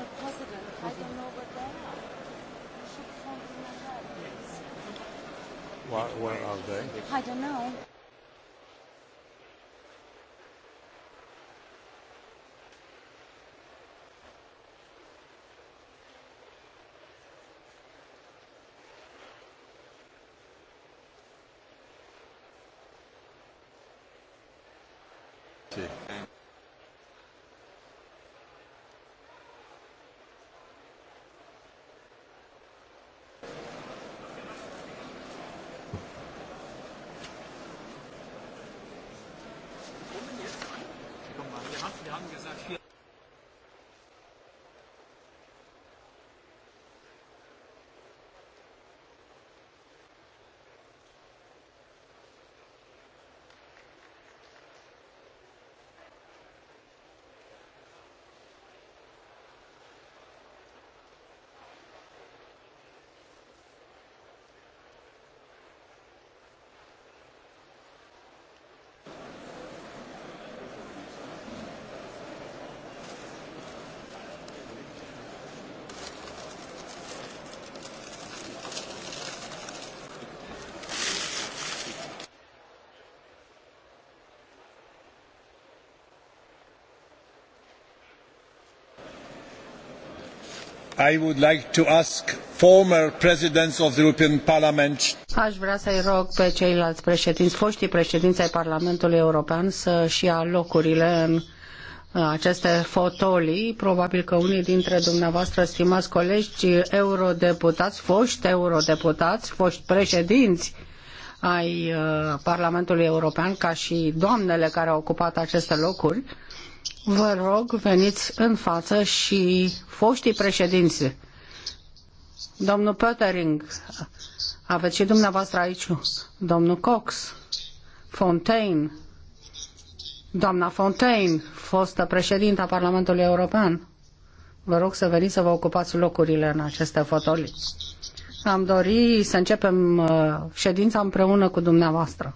a president. I don't know what they are. You should phone them as well, please. What, are they? I don't know. Sí. I would like to ask former presidents of the European Parliament. Aș vrea să-i rog pe ceilalți președinți, foștii președinți ai Parlamentului European să-și ia locurile în aceste fotolii. Probabil că unii dintre dumneavoastră, stimați colegi, eurodeputați, foști eurodeputați, foști președinți ai uh, Parlamentului European, ca și doamnele care au ocupat aceste locuri, uh, Vă rog, veniți în față și foștii președinți. Domnul Pöttering, aveți și dumneavoastră aici, domnul Cox, Fontaine, doamna Fontaine, fostă președinta Parlamentului European. Vă rog să veniți să vă ocupați locurile în aceste fotolii. Am dori să începem uh, ședința împreună cu dumneavoastră.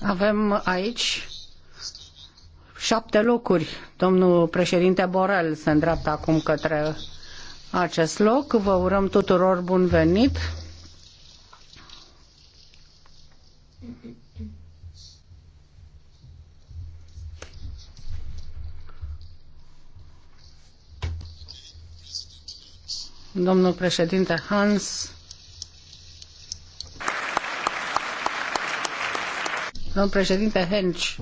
Avem aici șapte locuri. Domnul președinte Borel se îndreaptă acum către acest loc. Vă urăm tuturor bun venit. Domnul președinte Hans, Domnul președinte Henci.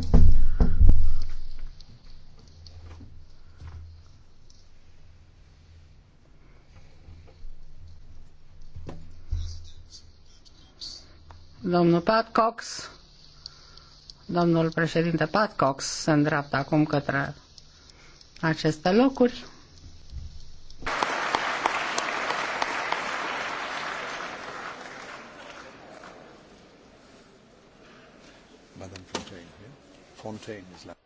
Domnul Pat Cox, domnul președinte Pat Cox se îndreaptă acum către aceste locuri. contain islam.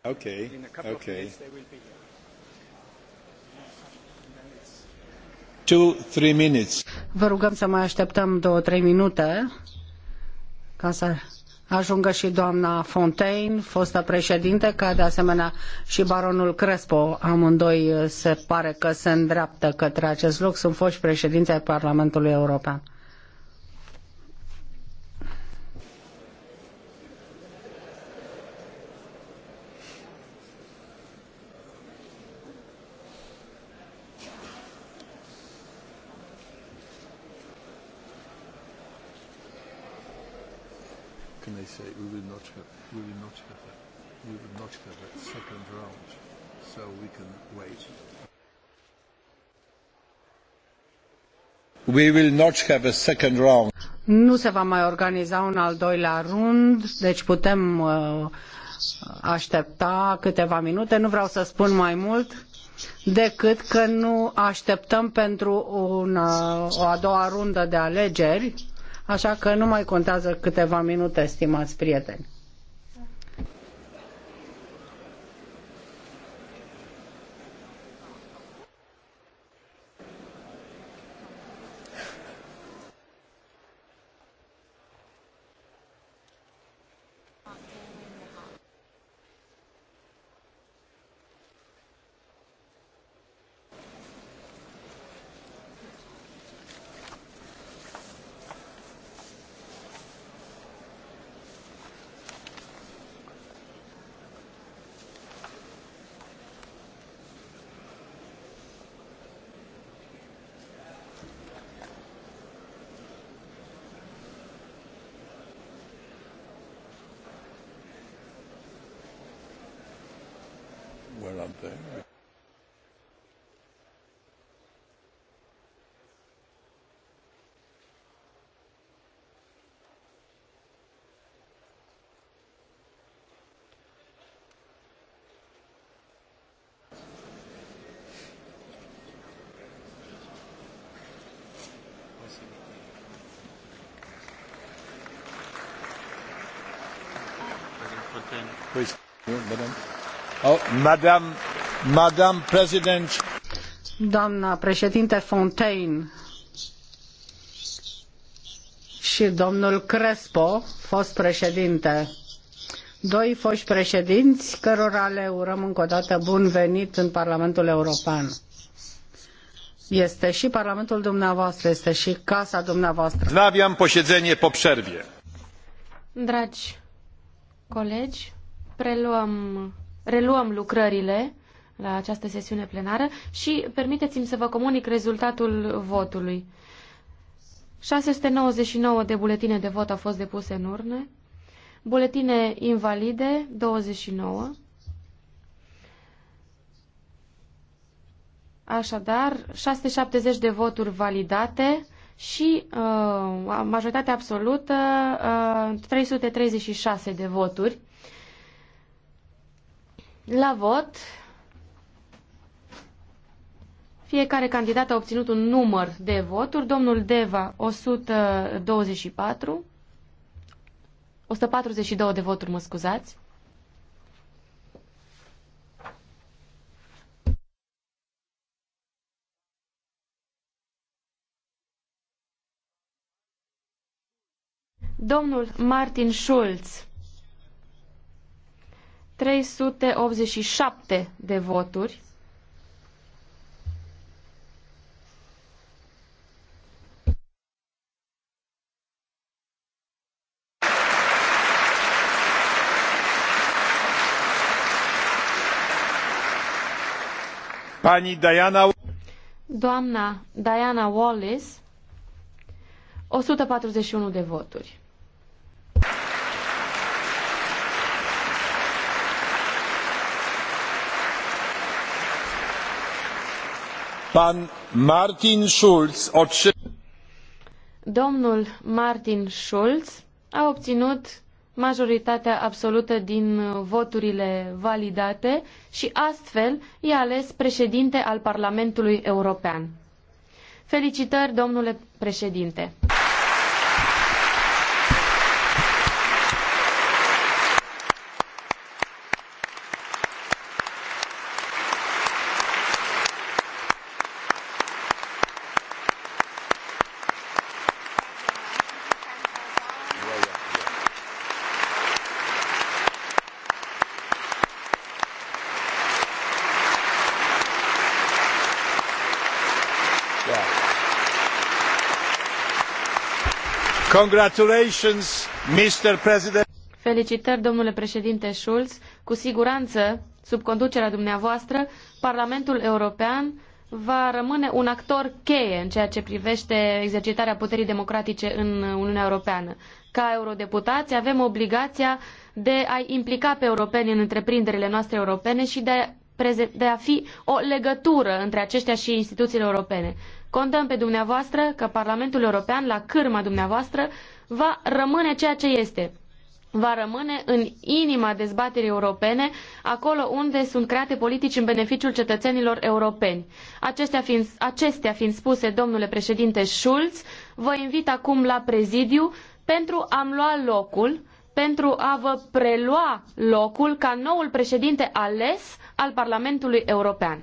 Okay. In a couple okay. of minutes they will be here. Two, three minutes. Vă rugăm să mai așteptăm două, trei minute ca să ajungă și doamna Fontaine, fostă președinte, ca de asemenea și baronul Crespo. Amândoi eh, se pare că se îndreaptă către acest loc, sunt foști președinte ai Parlamentului European. We will not have a second round. Nu se va mai organiza un al doilea rund, deci putem uh, aștepta câteva minute. Nu vreau să spun mai mult decât că nu așteptăm pentru una, uh, o a doua rundă de alegeri, așa că nu mai contează câteva minute, stimați prieteni. Oh, madame, Doamna președinte Fontaine și domnul Crespo, fost președinte, doi foști președinți cărora le urăm încă o dată bun venit în Parlamentul European. Este și Parlamentul dumneavoastră, este și casa dumneavoastră. Znawiam posiedzenie po Dragi Colegi, preluăm, reluăm lucrările la această sesiune plenară și permiteți-mi să vă comunic rezultatul votului. 699 de buletine de vot au fost depuse în urne, buletine invalide 29, Așadar, 670 de voturi validate, și uh, majoritatea absolută uh, 336 de voturi. La vot, fiecare candidat a obținut un număr de voturi. Domnul Deva 124, 142 de voturi, mă scuzați. Domnul Martin Schulz, 387 de voturi. Pani Diana... Doamna Diana Wallis, 141 de voturi. Domnul Martin Schulz a obținut majoritatea absolută din voturile validate și astfel i-a ales președinte al Parlamentului European. Felicitări, domnule președinte! Felicitări, domnule președinte Schulz. Cu siguranță, sub conducerea dumneavoastră, Parlamentul European va rămâne un actor cheie în ceea ce privește exercitarea puterii democratice în Uniunea Europeană. Ca eurodeputați avem obligația de a implica pe europeni în întreprinderile noastre europene și de a, de a fi o legătură între aceștia și instituțiile europene. Contăm pe dumneavoastră că Parlamentul European, la cârma dumneavoastră, va rămâne ceea ce este. Va rămâne în inima dezbaterii europene, acolo unde sunt create politici în beneficiul cetățenilor europeni. Acestea fiind, acestea fiind spuse, domnule președinte Schulz, vă invit acum la prezidiu pentru a-mi lua locul, pentru a vă prelua locul ca noul președinte ales al Parlamentului European.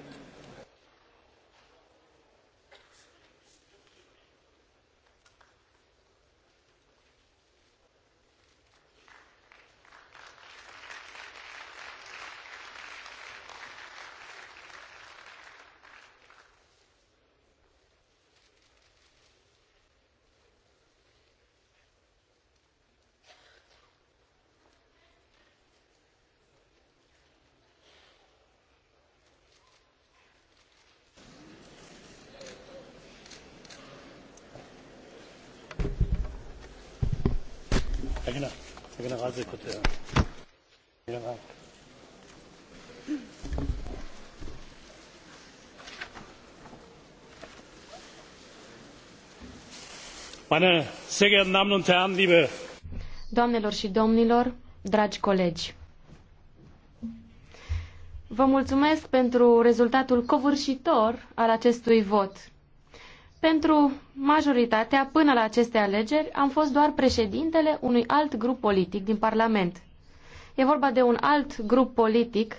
generalsekretär! vielen dank! meine sehr geehrten damen und herren liebe doamnelor și domnilor dragi colegi vă mulțumesc pentru rezultatul covârșitor al acestui vot. Pentru majoritatea, până la aceste alegeri, am fost doar președintele unui alt grup politic din Parlament. E vorba de un alt grup politic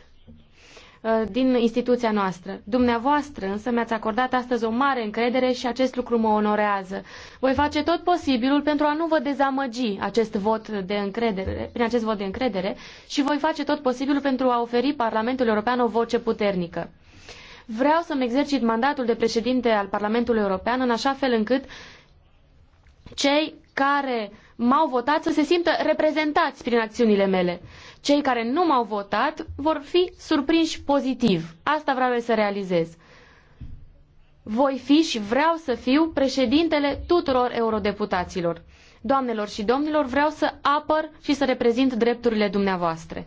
uh, din instituția noastră. Dumneavoastră însă mi-ați acordat astăzi o mare încredere și acest lucru mă onorează. Voi face tot posibilul pentru a nu vă dezamăgi acest vot de încredere, prin acest vot de încredere și voi face tot posibilul pentru a oferi Parlamentului European o voce puternică. Vreau să-mi exercit mandatul de președinte al Parlamentului European în așa fel încât cei care m-au votat să se simtă reprezentați prin acțiunile mele. Cei care nu m-au votat vor fi surprinși pozitiv. Asta vreau să realizez. Voi fi și vreau să fiu președintele tuturor eurodeputaților. Doamnelor și domnilor, vreau să apăr și să reprezint drepturile dumneavoastră.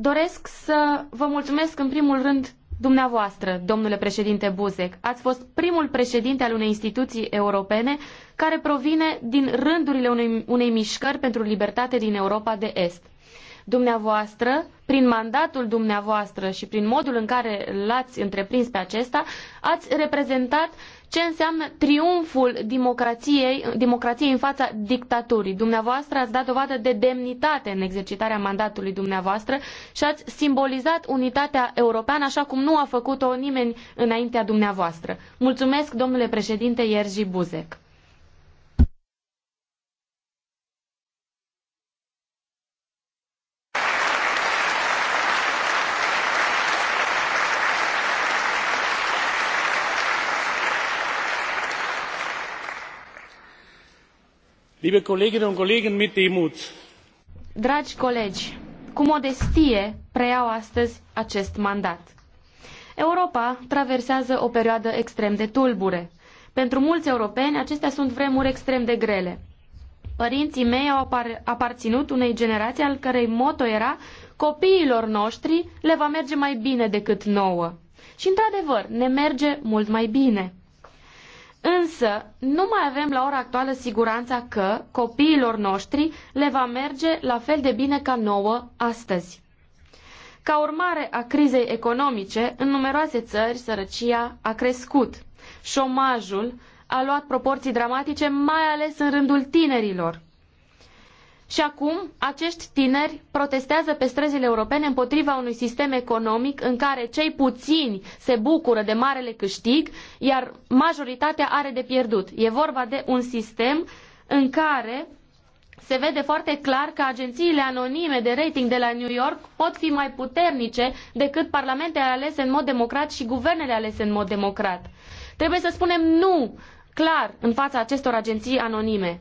Doresc să vă mulțumesc în primul rând dumneavoastră, domnule președinte Buzek. Ați fost primul președinte al unei instituții europene care provine din rândurile unei, unei mișcări pentru libertate din Europa de Est. Dumneavoastră, prin mandatul dumneavoastră și prin modul în care l-ați întreprins pe acesta, ați reprezentat uh, ce înseamnă triumful democrației, democrației în fața dictaturii. Dumneavoastră ați dat dovadă de demnitate în exercitarea mandatului dumneavoastră și ați simbolizat unitatea europeană așa cum nu a făcut-o nimeni înaintea dumneavoastră. Mulțumesc, domnule președinte Ierji Buzek. Dragi colegi, cu modestie preiau astăzi acest mandat. Europa traversează o perioadă extrem de tulbure. Pentru mulți europeni, acestea sunt vremuri extrem de grele. Părinții mei au aparinut aparținut unei generații al cărei moto era copiilor noștri le va merge mai bine decât nouă. Și într-adevăr, ne merge mult mai bine. Însă, nu mai avem la ora actuală siguranța că copiilor noștri le va merge la fel de bine ca nouă astăzi. Ca urmare a crizei economice, în numeroase țări sărăcia a crescut. Șomajul a luat proporții dramatice, mai ales în rândul tinerilor. Și acum acești tineri protestează pe străzile europene împotriva unui sistem economic în care cei puțini se bucură de marele câștig, iar majoritatea are de pierdut. E vorba de un sistem în care se vede foarte clar că agențiile anonime de rating de la New York pot fi mai puternice decât parlamentele alese în mod democrat și guvernele alese în mod democrat. Trebuie să spunem nu clar în fața acestor agenții anonime.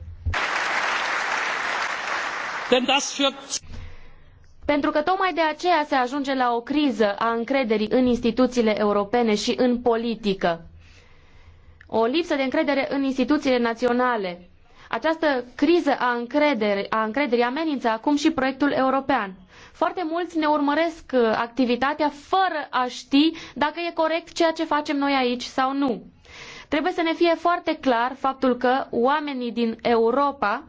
Pentru că tocmai de aceea se ajunge la o criză a încrederii în instituțiile europene și în politică. O lipsă de încredere în instituțiile naționale. Această criză a, încredere, a încrederii amenință acum și proiectul european. Foarte mulți ne urmăresc uh, activitatea fără a ști dacă e corect ceea ce facem noi aici sau nu. Trebuie să ne fie foarte clar faptul că oamenii din Europa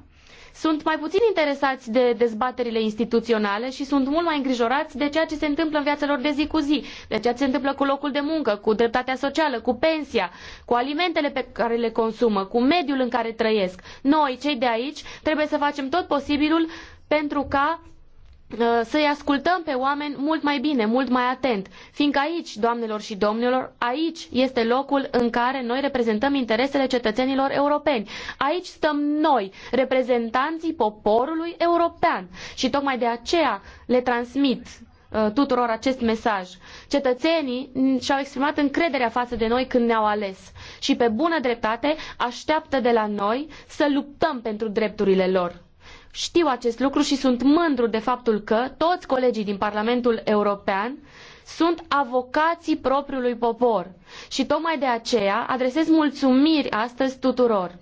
sunt mai puțin interesați de dezbaterile instituționale și sunt mult mai îngrijorați de ceea ce se întâmplă în viața lor de zi cu zi, de ceea ce se întâmplă cu locul de muncă, cu dreptatea socială, cu pensia, cu alimentele pe care le consumă, cu mediul în care trăiesc. Noi, cei de aici, trebuie să facem tot posibilul pentru ca Uh, să-i ascultăm pe oameni mult mai bine, mult mai atent. Fiindcă aici, doamnelor și domnilor, aici este locul în care noi reprezentăm interesele cetățenilor europeni. Aici stăm noi, reprezentanții poporului european. Și tocmai de aceea le transmit uh, tuturor acest mesaj. Cetățenii și-au exprimat încrederea față de noi când ne-au ales și pe bună dreptate așteaptă de la noi să luptăm pentru drepturile lor. Știu acest lucru și sunt mândru de faptul că toți colegii din Parlamentul European sunt avocații propriului popor și tocmai de aceea adresez mulțumiri astăzi tuturor.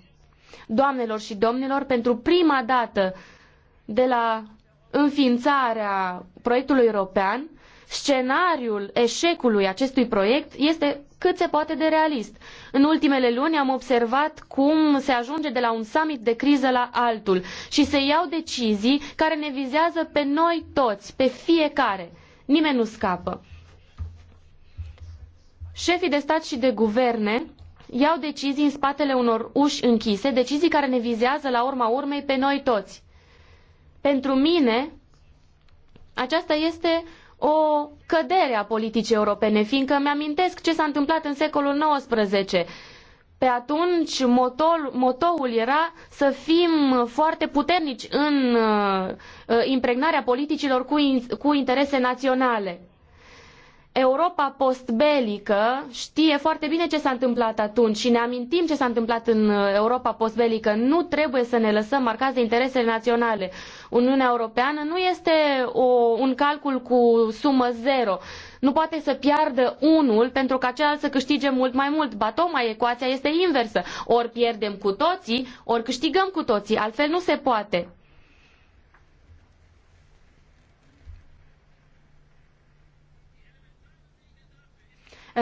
Doamnelor și domnilor, pentru prima dată de la înființarea proiectului european, scenariul eșecului acestui proiect este cât se poate de realist. În ultimele luni am observat cum se ajunge de la un summit de criză la altul și se iau decizii care ne vizează pe noi toți, pe fiecare. Nimeni nu scapă. Șefii de stat și de guverne iau decizii în spatele unor uși închise, decizii care ne vizează la urma urmei pe noi toți. Pentru mine, aceasta este o cădere a politicii europene, fiindcă mi-amintesc ce s-a întâmplat în secolul XIX. Pe atunci motor, motoul era să fim foarte puternici în uh, uh impregnarea politicilor cu, in, cu interese naționale. Europa postbelică știe foarte bine ce s-a întâmplat atunci și ne amintim ce s-a întâmplat în uh, Europa postbelică. Nu trebuie să ne lăsăm marcați de interesele naționale. Uniunea Europeană nu este o, un calcul cu sumă zero. Nu poate să piardă unul pentru ca celălalt să câștige mult mai mult. Ba tocmai ecuația este inversă. Ori pierdem cu toții, ori câștigăm cu toții. Altfel nu se poate.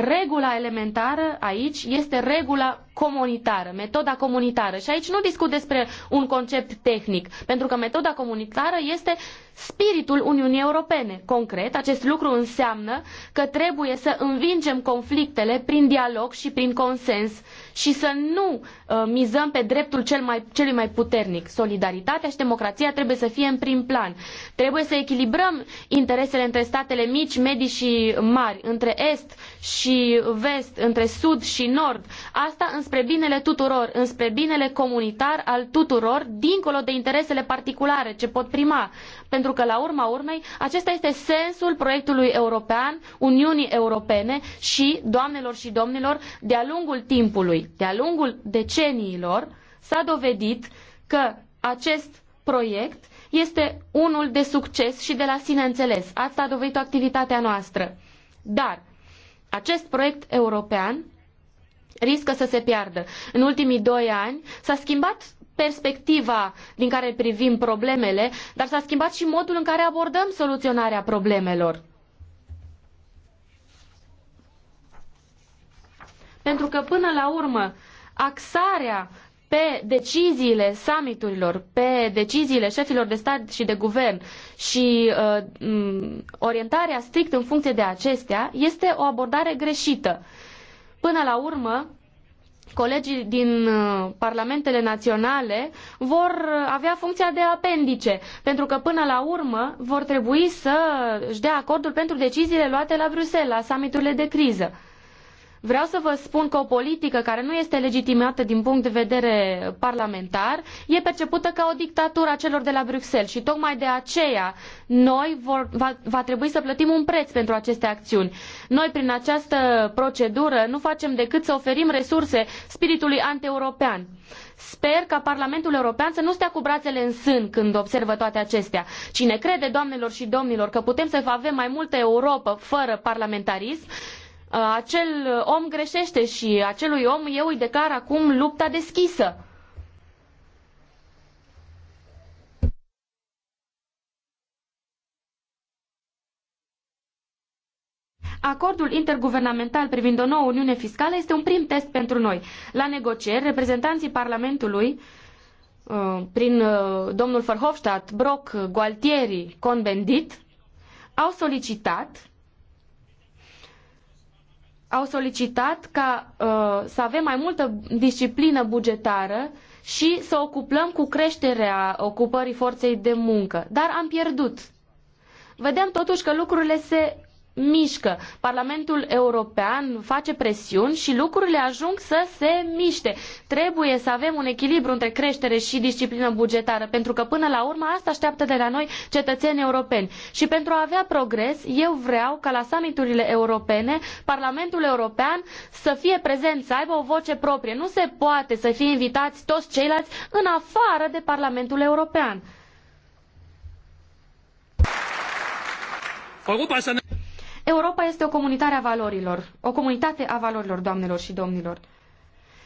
regula elementară aici este regula comunitară, metoda comunitară. Și aici nu discut despre un concept tehnic, pentru că metoda comunitară este spiritul Uniunii Europene. Concret, acest lucru înseamnă că trebuie să învingem conflictele prin dialog și prin consens și să nu uh, mizăm pe dreptul cel mai, celui mai puternic. Solidaritatea și democrația trebuie să fie în prim plan. Trebuie să echilibrăm interesele între statele mici, medii și mari, între est și vest, între sud și nord. Asta înspre binele tuturor, înspre binele comunitar al tuturor, dincolo de interesele particulare ce pot prima. Pentru că, la urma urmei, acesta este sensul proiectului european, Uniunii Europene și, doamnelor și domnilor, de-a lungul timpului. De-a lungul deceniilor s-a dovedit că acest proiect este unul de succes și de la sine înțeles. Asta a dovedit activitatea noastră. Dar acest proiect european riscă să se piardă. În ultimii doi ani s-a schimbat perspectiva din care privim problemele, dar s-a schimbat și modul în care abordăm soluționarea problemelor. Pentru că, până la urmă, axarea pe deciziile summiturilor, pe deciziile șefilor de stat și de guvern și uh, orientarea strict în funcție de acestea este o abordare greșită. Până la urmă, colegii din uh, parlamentele naționale vor avea funcția de apendice, pentru că până la urmă vor trebui să își dea acordul pentru deciziile luate la Bruxelles, la summiturile de criză. Vreau să vă spun că o politică care nu este legitimată din punct de vedere parlamentar e percepută ca o dictatură a celor de la Bruxelles și tocmai de aceea noi vor, va, va trebui să plătim un preț pentru aceste acțiuni. Noi prin această procedură nu facem decât să oferim resurse spiritului antieuropean. Sper ca Parlamentul European să nu stea cu brațele în sân când observă toate acestea. Cine crede, doamnelor și domnilor, că putem să avem mai multă Europa fără parlamentarism, Uh, acel om greșește și acelui om eu îi declar acum lupta deschisă. Acordul interguvernamental privind o nouă uniune fiscală este un prim test pentru noi. La negocieri, reprezentanții Parlamentului, uh, prin uh, domnul Verhofstadt, Brock, Gualtieri, Conbendit, au solicitat au solicitat ca uh, să avem mai multă disciplină bugetară și să o cuplăm cu creșterea ocupării forței de muncă. Dar am pierdut. Vedem totuși că lucrurile se mișcă. Parlamentul European face presiuni și lucrurile ajung să se miște. Trebuie să avem un echilibru între creștere și disciplină bugetară, pentru că până la urmă asta așteaptă de la noi cetățenii europeni. Și pentru a avea progres, eu vreau ca la summiturile europene Parlamentul European să fie prezent, să aibă o voce proprie. Nu se poate să fie invitați toți ceilalți în afară de Parlamentul European. Europa să ne Europa este o comunitate a valorilor, o comunitate a valorilor, doamnelor și domnilor.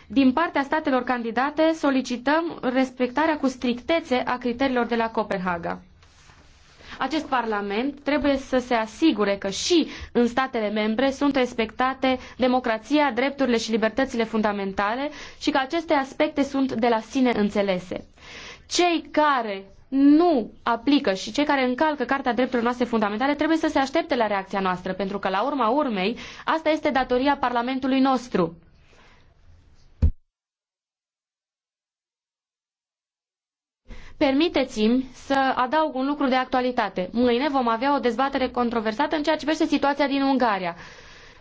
Din partea statelor candidate solicităm respectarea cu strictețe a criteriilor de la Copenhaga. Acest Parlament trebuie să se asigure că și în statele membre sunt respectate democrația, drepturile și libertățile fundamentale și că aceste aspecte sunt de la sine înțelese. Cei care nu aplică și cei care încalcă Carta Drepturilor noastre fundamentale trebuie să se aștepte la reacția noastră, pentru că la urma urmei asta este datoria Parlamentului nostru. Permiteți-mi să adaug un lucru de actualitate. Mâine vom avea o dezbatere controversată în ceea ce privește situația din Ungaria.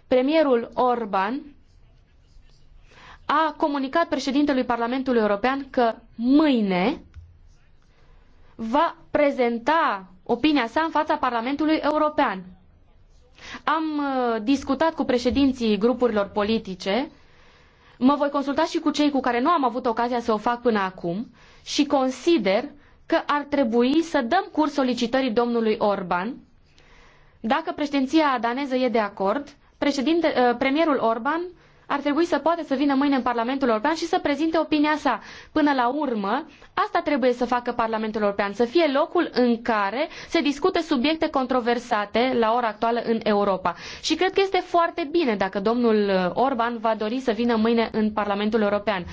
Premierul Orban a comunicat președintelui Parlamentului European că mâine va prezenta opinia sa în fața Parlamentului European. Am uh, discutat cu președinții grupurilor politice, mă voi consulta și cu cei cu care nu am avut ocazia să o fac până acum și consider că ar trebui să dăm curs solicitării domnului Orban. Dacă președinția daneză e de acord, uh, premierul Orban ar trebui să poată să vină mâine în Parlamentul European și să prezinte opinia sa. Până la urmă, asta trebuie să facă Parlamentul European, să fie locul în care se discute subiecte controversate la ora actuală în Europa. Și cred că este foarte bine dacă domnul uh, Orban va dori să vină mâine în Parlamentul European.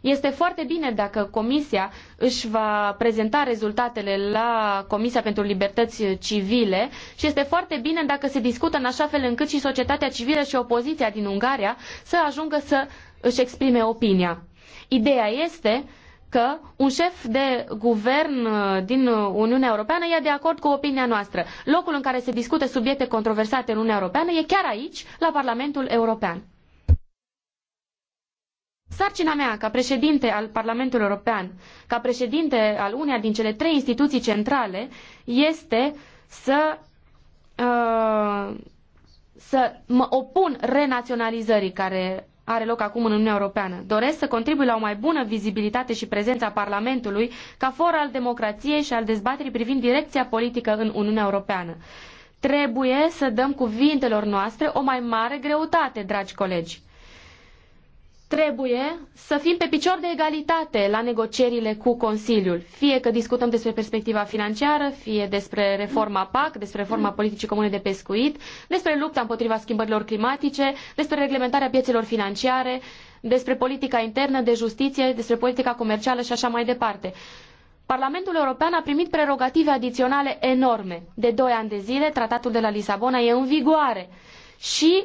Este foarte bine dacă Comisia își va prezenta rezultatele la Comisia pentru Libertăți Civile și este foarte bine dacă se discută în așa fel încât și societatea civilă și opoziția din Ungaria să ajungă să își exprime opinia. Ideea este că un șef de guvern din Uniunea Europeană e de acord cu opinia noastră. Locul în care se discută subiecte controversate în Uniunea Europeană e chiar aici, la Parlamentul European. Sarcina mea ca președinte al Parlamentului European, ca președinte al uneia din cele trei instituții centrale, este să, uh, să mă opun renaționalizării care are loc acum în Uniunea Europeană. Doresc să contribui la o mai bună vizibilitate și prezența a Parlamentului ca for al democrației și al dezbaterii privind direcția politică în Uniunea Europeană. Trebuie să dăm cuvintelor noastre o mai mare greutate, dragi colegi trebuie să fim pe picior de egalitate la negocierile cu Consiliul. Fie că discutăm despre perspectiva financiară, fie despre reforma PAC, despre reforma politicii comune de pescuit, despre lupta împotriva schimbărilor climatice, despre reglementarea piețelor financiare, despre politica internă de justiție, despre politica comercială și așa mai departe. Parlamentul European a primit prerogative adiționale enorme. De doi ani de zile, tratatul de la Lisabona e în vigoare. Și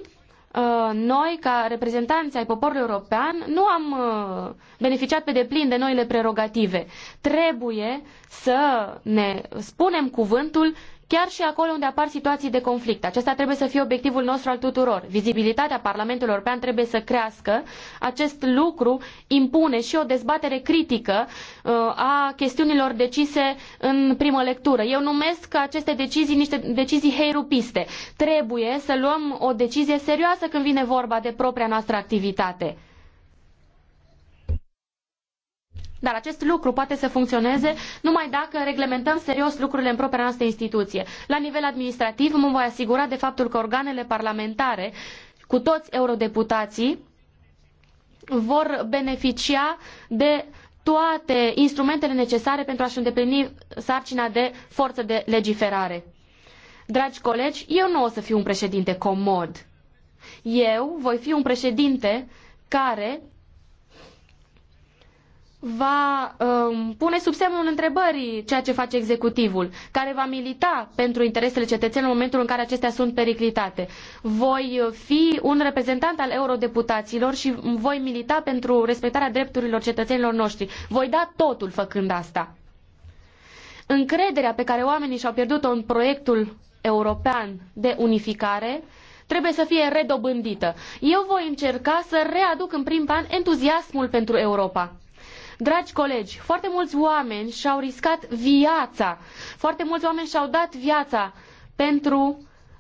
Uh, noi, ca reprezentanți ai poporului european, nu am uh, beneficiat pe deplin de noile prerogative. Trebuie să ne spunem cuvântul chiar și acolo unde apar situații de conflict. Acesta trebuie să fie obiectivul nostru al tuturor. Vizibilitatea Parlamentului European trebuie să crească. Acest lucru impune și o dezbatere critică uh, a chestiunilor decise în primă lectură. Eu numesc aceste decizii niște decizii heirupiste. Trebuie să luăm o decizie serioasă când vine vorba de propria noastră activitate. Dar acest lucru poate să funcționeze numai dacă reglementăm serios lucrurile în propria noastră instituție. La nivel administrativ mă voi asigura de faptul că organele parlamentare cu toți eurodeputații vor beneficia de toate instrumentele necesare pentru a-și îndeplini sarcina de forță de legiferare. Dragi colegi, eu nu o să fiu un președinte comod. Eu voi fi un președinte care va um, pune sub semnul întrebării ceea ce face executivul, care va milita pentru interesele cetățenilor în momentul în care acestea sunt periclitate. Voi fi un reprezentant al eurodeputaților și voi milita pentru respectarea drepturilor cetățenilor noștri. Voi da totul făcând asta. Încrederea pe care oamenii și-au pierdut-o în proiectul european de unificare trebuie să fie redobândită. Eu voi încerca să readuc în prim plan entuziasmul pentru Europa Dragi colegi, foarte mulți oameni și-au riscat viața, foarte mulți oameni și-au dat viața pentru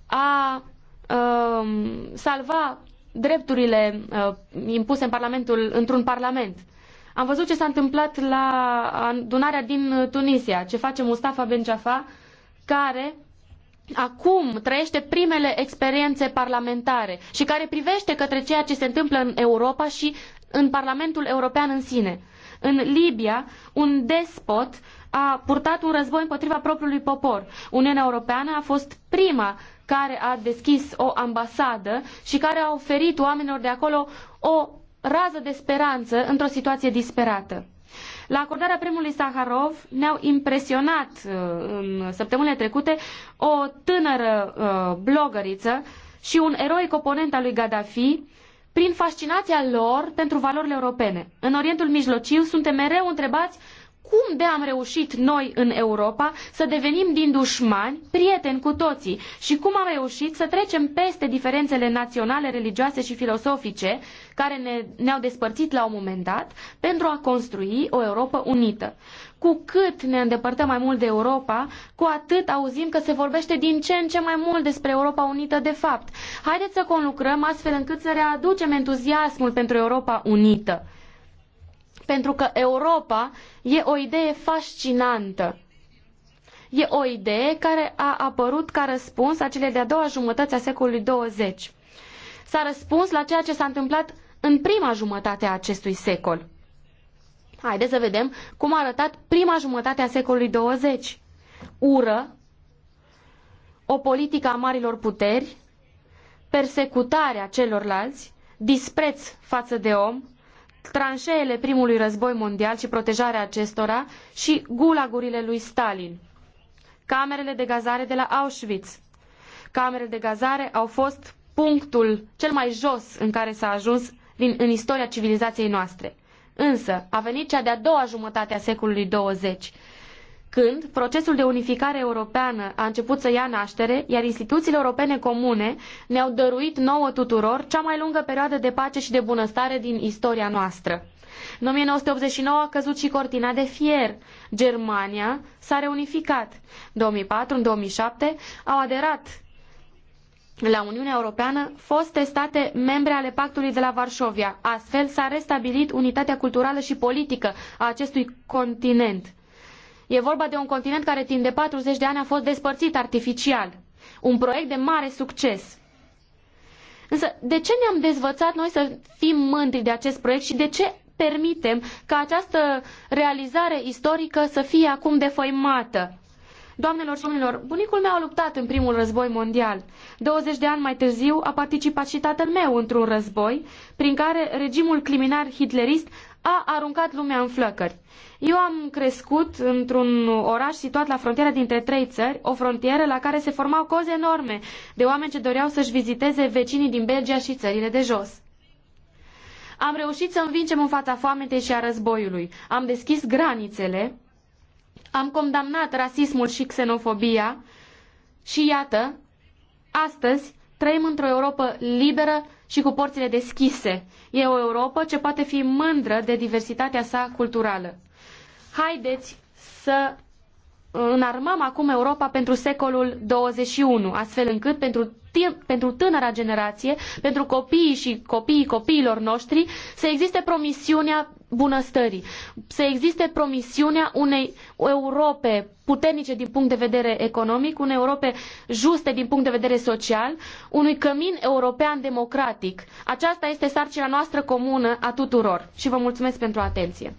a uh, salva drepturile uh, impuse în parlamentul, într-un parlament. Am văzut ce s-a întâmplat la adunarea din Tunisia, ce face Mustafa Ben Jaffa, care acum trăiește primele experiențe parlamentare și care privește către ceea ce se întâmplă în Europa și în Parlamentul European în sine. În Libia, un despot a purtat un război împotriva propriului popor. Uniunea Europeană a fost prima care a deschis o ambasadă și care a oferit oamenilor de acolo o rază de speranță într-o situație disperată. La acordarea primului Saharov ne-au impresionat uh, în săptămânile trecute o tânără uh, blogăriță și un eroic oponent al lui Gaddafi prin fascinația lor pentru valorile europene. În Orientul Mijlociu suntem mereu întrebați cum de am reușit noi în Europa să devenim din dușmani prieteni cu toții și cum am reușit să trecem peste diferențele naționale, religioase și filosofice care ne, ne-au despărțit la un moment dat pentru a construi o Europa unită. Cu cât ne îndepărtăm mai mult de Europa, cu atât auzim că se vorbește din ce în ce mai mult despre Europa unită de fapt. Haideți să conlucrăm astfel încât să readucem entuziasmul pentru Europa unită pentru că Europa e o idee fascinantă. E o idee care a apărut ca răspuns a cele de-a doua jumătăți a secolului 20. S-a răspuns la ceea ce s-a întâmplat în prima jumătate a acestui secol. Haideți să vedem cum a arătat prima jumătate a secolului 20. Ură, o politică a marilor puteri, persecutarea celorlalți, dispreț față de om, tranșeele primului război mondial și protejarea acestora și gulagurile lui Stalin. Camerele de gazare de la Auschwitz. Camerele de gazare au fost punctul cel mai jos în care s-a ajuns din, în istoria civilizației noastre. Însă a venit cea de-a doua jumătate a secolului 20 când procesul de unificare europeană a început să ia naștere, iar instituțiile europene comune ne-au dăruit nouă tuturor cea mai lungă perioadă de pace și de bunăstare din istoria noastră. În 1989 a căzut și cortina de fier. Germania s-a reunificat. 2004-2007 au aderat la Uniunea Europeană foste state membre ale pactului de la Varșovia. Astfel s-a restabilit unitatea culturală și politică a acestui continent. E vorba de un continent care timp de 40 de ani a fost despărțit artificial. Un proiect de mare succes. Însă, de ce ne-am dezvățat noi să fim mândri de acest proiect și de ce permitem ca această realizare istorică să fie acum defăimată? Doamnelor și domnilor, bunicul meu a luptat în primul război mondial. 20 de ani mai târziu a participat și tatăl meu într-un război prin care regimul criminal hitlerist a aruncat lumea în flăcări. Eu am crescut într-un oraș situat la frontiera dintre trei țări, o frontieră la care se formau cozi enorme de oameni ce doreau să-și viziteze vecinii din Belgia și țările de jos. Am reușit să învingem în fața foametei și a războiului. Am deschis granițele, am condamnat rasismul și xenofobia și iată, astăzi trăim într-o Europa liberă și cu porțile deschise. E o Europa ce poate fi mândră de diversitatea sa culturală. Haideți să înarmăm acum Europa pentru secolul 21, astfel încât pentru, pentru tânăra generație, pentru copiii și copiii copiilor noștri, să existe promisiunea bunăstării, să existe promisiunea unei Europe puternice din punct de vedere economic, unei Europe juste din punct de vedere social, unui cămin european democratic. Aceasta este sarcina noastră comună a tuturor și vă mulțumesc pentru atenție.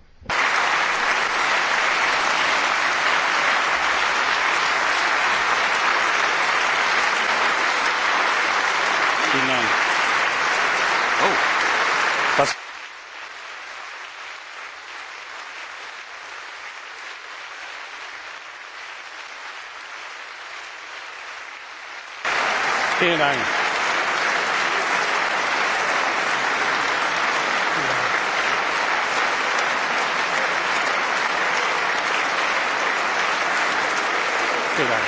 Vielen Dank. Vielen Dank.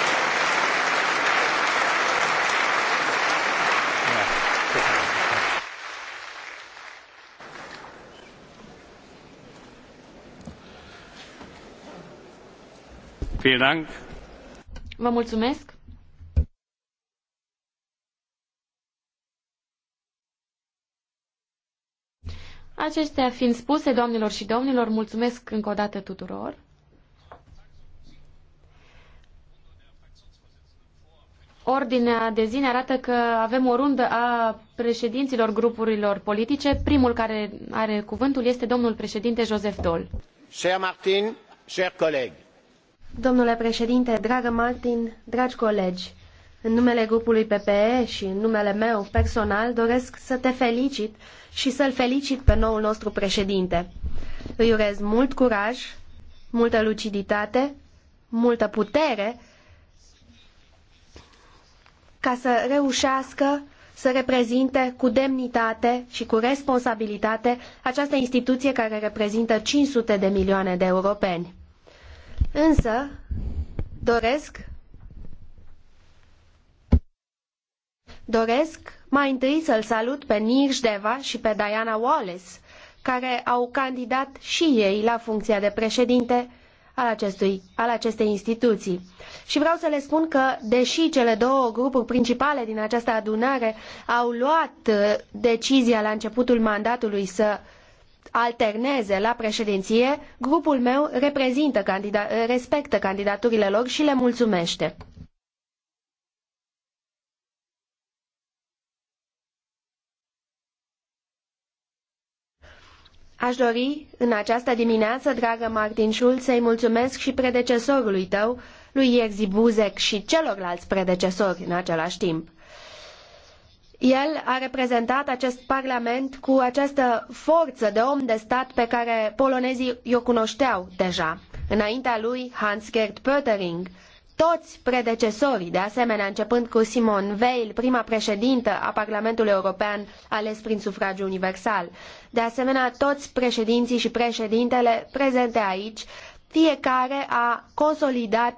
Vielen Dank. Vă mulțumesc. Acestea fiind spuse, doamnelor și domnilor, mulțumesc încă o dată tuturor. Ordinea de zi ne arată că avem o rundă a președinților grupurilor politice. Primul care are cuvântul este domnul președinte Josef Dol. Cher Martin, cher coleg. Domnule președinte, dragă Martin, dragi colegi, în numele grupului PPE și în numele meu personal doresc să te felicit și să-l felicit pe noul nostru președinte. Îi urez mult curaj, multă luciditate, multă putere ca să reușească să reprezinte cu demnitate și cu responsabilitate această instituție care reprezintă 500 de milioane de europeni. Însă, doresc Doresc mai întâi să-l salut pe Nirj Deva și pe Diana Wallace, care au candidat și ei la funcția de președinte al, acestui, al acestei instituții. Și vreau să le spun că, deși cele două grupuri principale din această adunare au luat uh, decizia la începutul mandatului să alterneze la președinție, grupul meu reprezintă, respectă candidaturile lor și le mulțumește. Aș dori în această dimineață, dragă Martin Schulz, să-i mulțumesc și predecesorului tău, lui Ierzi Buzek și celorlalți predecesori în același timp. El a reprezentat acest parlament cu această forță de om de stat pe care polonezii o cunoșteau deja. Înaintea lui Hans-Gerd Pöttering, toți predecesorii, de asemenea începând cu Simone Veil, prima președintă a Parlamentului European ales prin sufragiu universal. De asemenea, toți președinții și președintele prezente aici, fiecare a consolidat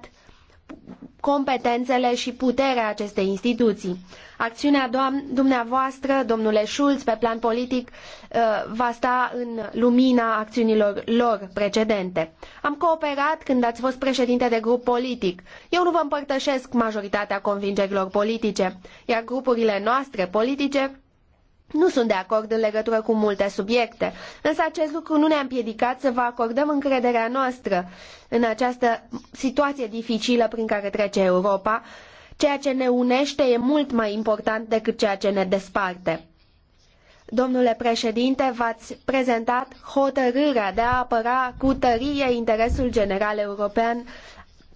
competențele și puterea acestei instituții. Acțiunea dumneavoastră, domnule Schulz, pe plan politic, uh, va sta în lumina acțiunilor lor precedente. Am cooperat când ați fost președinte de grup politic. Eu nu vă împărtășesc majoritatea convingerilor politice, iar grupurile noastre politice nu sunt de acord în legătură cu multe subiecte, însă acest lucru nu ne-a împiedicat să vă acordăm încrederea noastră în această situație dificilă prin care trece Europa. Ceea ce ne unește e mult mai important decât ceea ce ne desparte. Domnule președinte, v-ați prezentat hotărârea de a apăra cu tărie interesul general european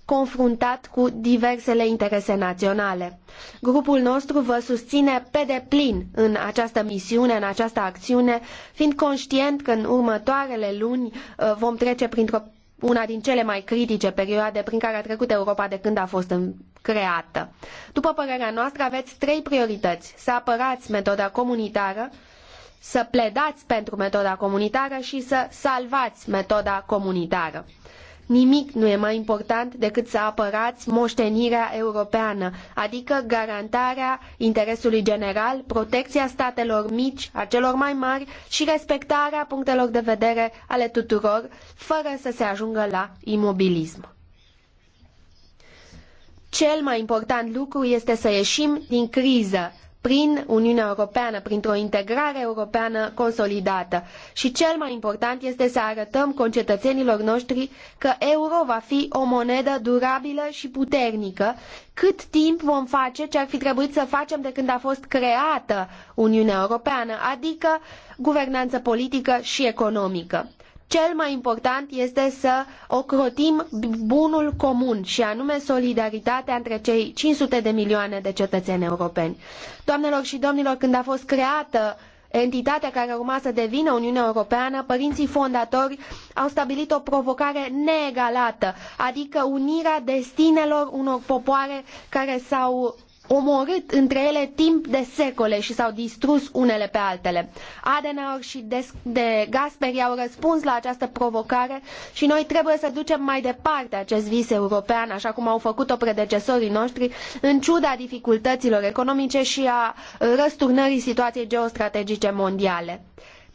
confruntat cu diversele interese naționale. Grupul nostru vă susține pe deplin în această misiune, în această acțiune, fiind conștient că în următoarele luni uh, vom trece printr-o una din cele mai critice perioade prin care a trecut Europa de când a fost creată. După părerea noastră, aveți trei priorități. Să apărați metoda comunitară, să pledați pentru metoda comunitară și să salvați metoda comunitară. Nimic nu e mai important decât să apărați moștenirea europeană, adică garantarea interesului general, protecția statelor mici, a celor mai mari și respectarea punctelor de vedere ale tuturor, fără să se ajungă la imobilism. Cel mai important lucru este să ieșim din criză, prin Uniunea Europeană, printr-o integrare europeană consolidată. Și cel mai important este să arătăm concetățenilor noștri că euro va fi o monedă durabilă și puternică, cât timp vom face ce ar fi trebuit să facem de când a fost creată Uniunea Europeană, adică guvernanță politică și economică. Cel mai important este să ocrotim bunul comun și anume solidaritatea între cei 500 de milioane de cetățeni europeni. Doamnelor și domnilor, când a fost creată entitatea care urma să devină Uniunea Europeană, părinții fondatori au stabilit o provocare neegalată, adică unirea destinelor unor popoare care s-au omorât între ele timp de secole și s-au distrus unele pe altele. Adenauer și de Gasperi au răspuns la această provocare și noi trebuie să ducem mai departe acest vis european, așa cum au făcut-o predecesorii noștri, în ciuda dificultăților economice și a răsturnării situației geostrategice mondiale.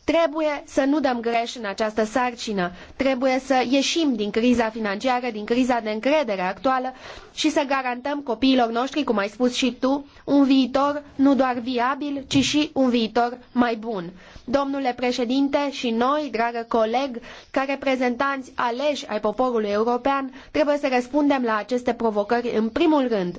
Trebuie să nu dăm greș în această sarcină. Trebuie să ieșim din criza financiară, din criza de încredere actuală și să garantăm copiilor noștri, cum ai spus și tu, un viitor nu doar viabil, ci și un viitor mai bun. Domnule președinte și noi, dragă coleg, ca reprezentanți aleși ai poporului european, trebuie să răspundem la aceste provocări în primul rând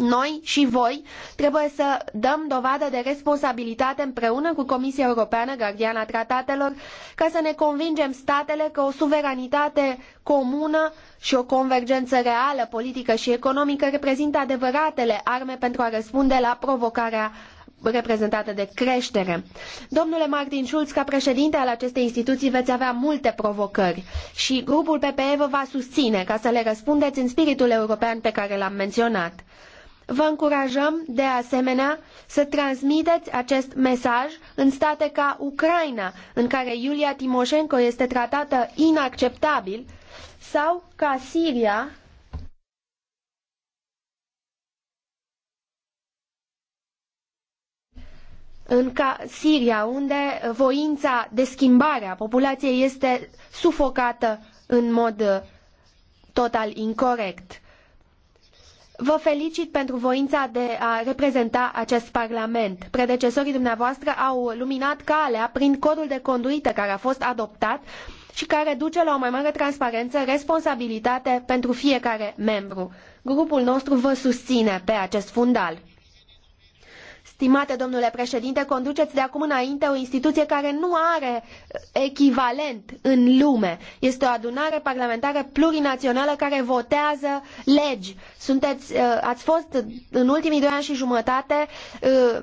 noi și voi trebuie să dăm dovadă de responsabilitate împreună cu Comisia Europeană, gardiana tratatelor, ca să ne convingem statele că o suveranitate comună și o convergență reală, politică și economică reprezintă adevăratele arme pentru a răspunde la provocarea reprezentată de creștere. Domnule Martin Schulz, ca președinte al acestei instituții veți avea multe provocări și grupul PPE vă va susține ca să le răspundeți în spiritul european pe care l-am menționat. Vă încurajăm, de asemenea, să transmiteți acest mesaj în state ca Ucraina, în care Iulia Timoșenko este tratată inacceptabil, sau ca Siria, în ca Siria, unde voința de schimbare a populației este sufocată în mod total incorrect. Vă felicit pentru voința de a reprezenta acest Parlament. Predecesorii dumneavoastră au luminat calea prin codul de conduită care a fost adoptat și care duce la o mai mare transparență, responsabilitate pentru fiecare membru. Grupul nostru vă susține pe acest fundal. Stimate domnule președinte, conduceți de acum înainte o instituție care nu are uh, echivalent în lume. Este o adunare parlamentară plurinațională care votează legi. Sunteți, uh, ați fost în ultimii doi ani și jumătate uh,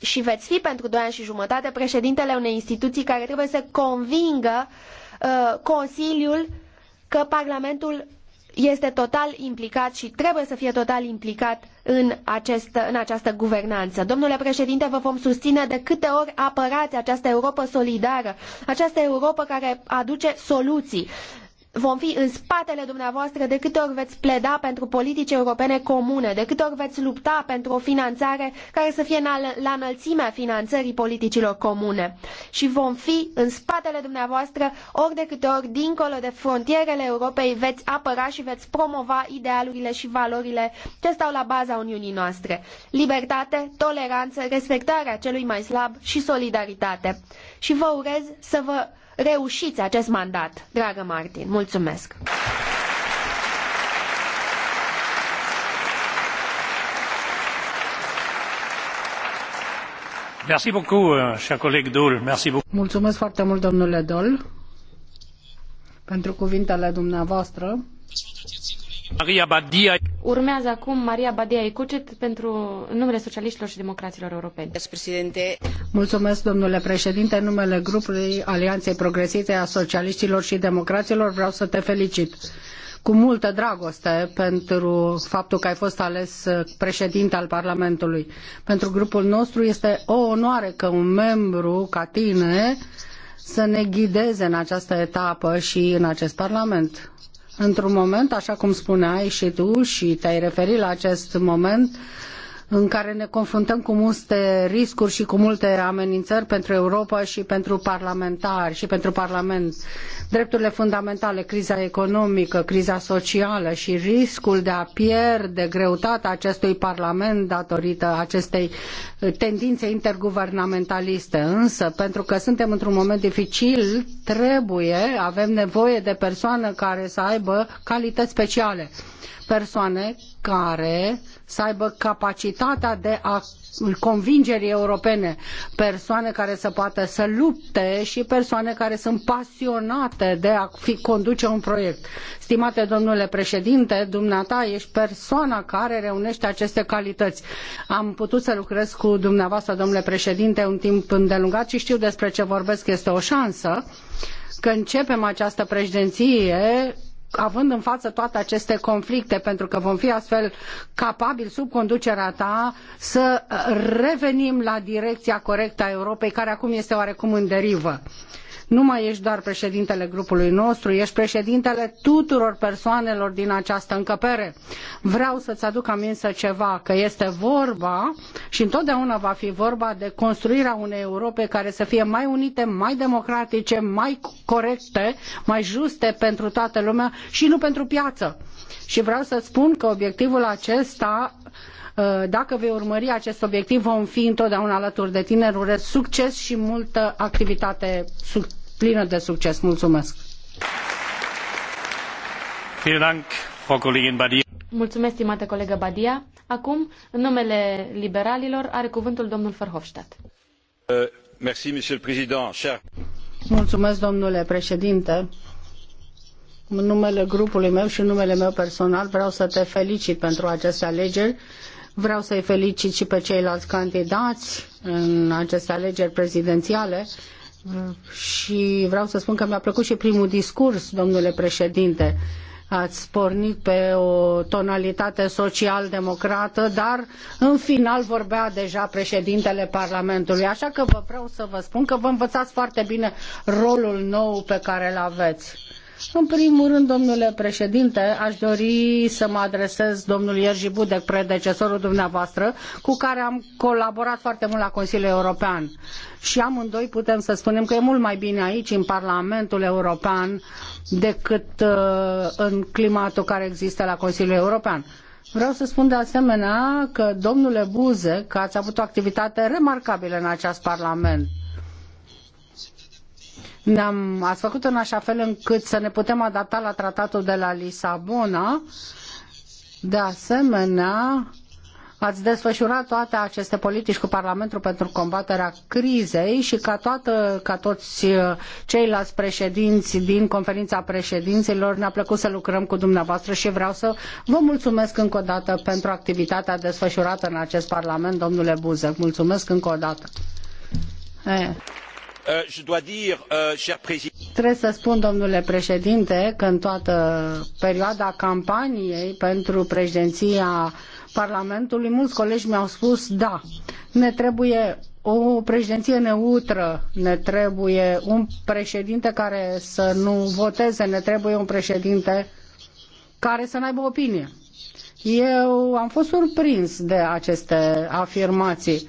și veți fi pentru doi ani și jumătate președintele unei instituții care trebuie să convingă Consiliul că Parlamentul este total implicat și trebuie să fie total implicat în, acest, în această guvernanță. Domnule președinte, vă vom susține de câte ori apărați această Europa solidară, această Europa care aduce soluții vom fi în spatele dumneavoastră de câte ori veți pleda pentru politici europene comune, de câte ori veți lupta pentru o finanțare care să fie la înălțimea finanțării politicilor comune. Și vom fi în spatele dumneavoastră ori de câte ori, dincolo de frontierele Europei, veți apăra și veți promova idealurile și valorile ce stau la baza Uniunii noastre. Libertate, toleranță, respectarea celui mai slab și solidaritate. Și vă urez să vă reușiți acest mandat, dragă Martin. Mulțumesc! Euh, Mulțumesc foarte mult, domnule Dol, pentru cuvintele dumneavoastră. Maria Badia. Urmează acum Maria Badia Ecucet pentru numele socialiștilor și democraților europeni. Mulțumesc, domnule președinte. În numele grupului Alianței Progresiste a Socialiștilor și Democraților vreau să te felicit cu multă dragoste pentru faptul că ai fost ales președinte al Parlamentului. Pentru grupul nostru este o onoare că un membru ca tine să ne ghideze în această etapă și în acest Parlament într-un moment, așa cum spuneai și tu și te-ai referit la acest moment, uh, în care ne confruntăm cu multe riscuri și cu multe amenințări pentru Europa și pentru parlamentari și pentru Parlament. Drepturile fundamentale, criza economică, criza socială și riscul de a pierde greutatea acestui Parlament datorită acestei tendințe interguvernamentaliste. Însă, pentru că suntem într-un moment dificil, trebuie, avem nevoie de persoane care să aibă calități speciale. Persoane care să aibă capacitatea de a convingerii europene, persoane care să poată să lupte și persoane care sunt pasionate de a fi conduce un proiect. Stimate domnule președinte, dumneata ești persoana care reunește aceste calități. Am putut să lucrez cu dumneavoastră, domnule președinte, un timp îndelungat și știu despre ce vorbesc, este o șansă că începem această președinție având în față toate aceste conflicte, pentru că vom fi astfel capabili, sub conducerea ta, să revenim la direcția corectă a Europei, care acum este oarecum în derivă. Uh, nu mai ești doar președintele grupului nostru, ești președintele tuturor persoanelor din această încăpere. Vreau să-ți aduc amință ceva, că este vorba și întotdeauna va fi vorba de construirea unei Europe care să fie mai unite, mai democratice, mai corecte, mai juste pentru toată lumea și nu pentru piață. Și vreau să spun că obiectivul acesta Uh, dacă vei urmări acest obiectiv, vom fi întotdeauna alături de tine. Urez succes și multă activitate plină de succes. Mulțumesc! Mulțumesc, stimată colegă Badia. Acum, în numele liberalilor, are cuvântul domnul Verhofstadt. Uh, Mulțumesc, domnule președinte. În numele grupului meu și în numele meu personal vreau să te felicit pentru aceste alegeri Vreau să-i felicit și pe ceilalți candidați în aceste alegeri prezidențiale și vreau să spun că mi-a plăcut și primul discurs, domnule președinte. Ați pornit pe o tonalitate social-democrată, dar în final vorbea deja președintele Parlamentului. Așa că vă vreau să vă spun că vă învățați foarte bine rolul nou pe care îl aveți în primul rând, domnule președinte, aș dori să mă adresez domnului Ierji Budec, predecesorul dumneavoastră, cu care am colaborat foarte mult la Consiliul European. Și amândoi putem să spunem că e mult mai bine aici, în Parlamentul European, decât uh, în climatul care există la Consiliul European. Vreau să spun de asemenea că, domnule Buzek, ați avut o activitate remarcabilă în acest Parlament. Uh, ne-am, ați făcut în așa fel încât să ne putem adapta la tratatul de la Lisabona. De asemenea, ați desfășurat toate aceste politici cu Parlamentul pentru combaterea crizei și ca, toată, ca toți uh, ceilalți președinți din conferința președinților ne-a plăcut să lucrăm cu dumneavoastră și vreau să vă mulțumesc încă o dată pentru activitatea desfășurată în acest Parlament, domnule Buzek. Mulțumesc încă o dată. Eh. Euh, euh, trebuie să spun, domnule președinte, că în toată perioada campaniei pentru președinția Parlamentului, mulți colegi mi-au spus da, ne trebuie o președinție neutră, ne trebuie un președinte care să nu voteze, ne trebuie un președinte care să n-aibă opinie. Eu am fost surprins de aceste afirmații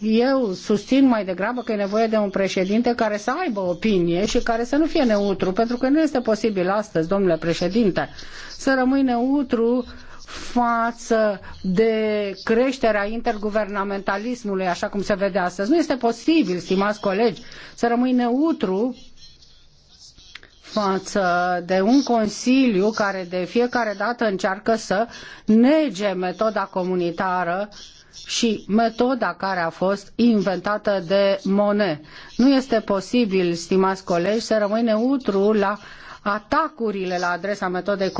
eu susțin mai degrabă că e nevoie de un președinte care să aibă opinie și care să nu fie neutru, pentru că nu este posibil astăzi, domnule președinte, să rămâi neutru față de creșterea interguvernamentalismului, așa cum se vede astăzi. Nu este posibil, stimați colegi, să rămâi neutru față de un Consiliu care de fiecare dată încearcă să nege metoda comunitară uh, și metoda care a fost inventată de Monet. Nu este posibil, stimați colegi, să rămâi neutru la atacurile la adresa metodei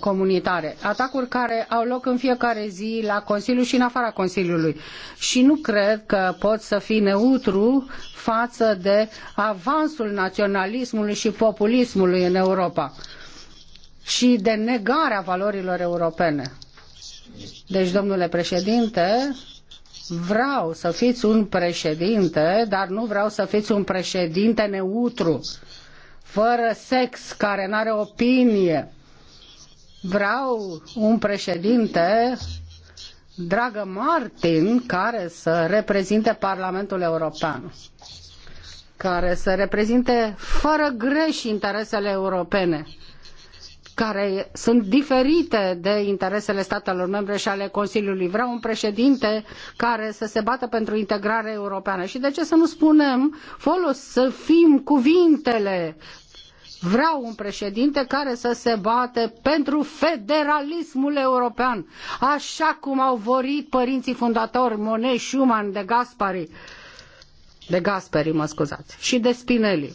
comunitare, atacuri care au loc în fiecare zi la Consiliu și în afara Consiliului. Și nu cred că pot să fii neutru față de avansul naționalismului și populismului în Europa și de negarea valorilor europene. Deci, domnule președinte, vreau să fiți un președinte, dar nu vreau să fiți un președinte neutru, fără sex, care nu are opinie. Vreau un președinte, dragă Martin, care să reprezinte Parlamentul European, care să reprezinte fără greși interesele europene care sunt diferite de interesele statelor membre și ale Consiliului. Vreau un președinte care să se bată pentru integrare europeană. Și de ce să nu spunem folos să fim cuvintele Vreau un președinte care să se bată pentru federalismul european, așa cum au vorit părinții fondatori Monet, Schumann, de Gaspari, de Gasperi, mă scuzați, și de Spinelli.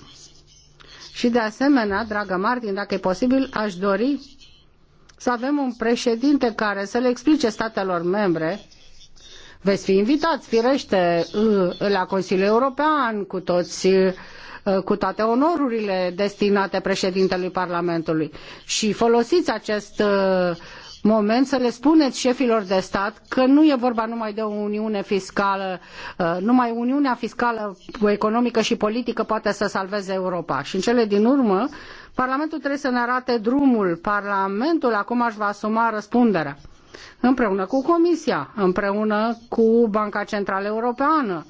Și de asemenea, dragă Martin, dacă e posibil, aș dori să avem un președinte care să le explice statelor membre veți fi invitați, firește, ă, la Consiliul European cu toți ă, cu toate onorurile destinate președintelui Parlamentului. Și folosiți acest ă, moment să le spuneți șefilor de stat că nu e vorba numai de o uniune fiscală, uh, numai uniunea fiscală, economică și politică poate să salveze Europa. Și în cele din urmă, Parlamentul trebuie să ne arate drumul. Parlamentul acum își va asuma răspunderea. Împreună cu Comisia, împreună cu Banca Centrală Europeană,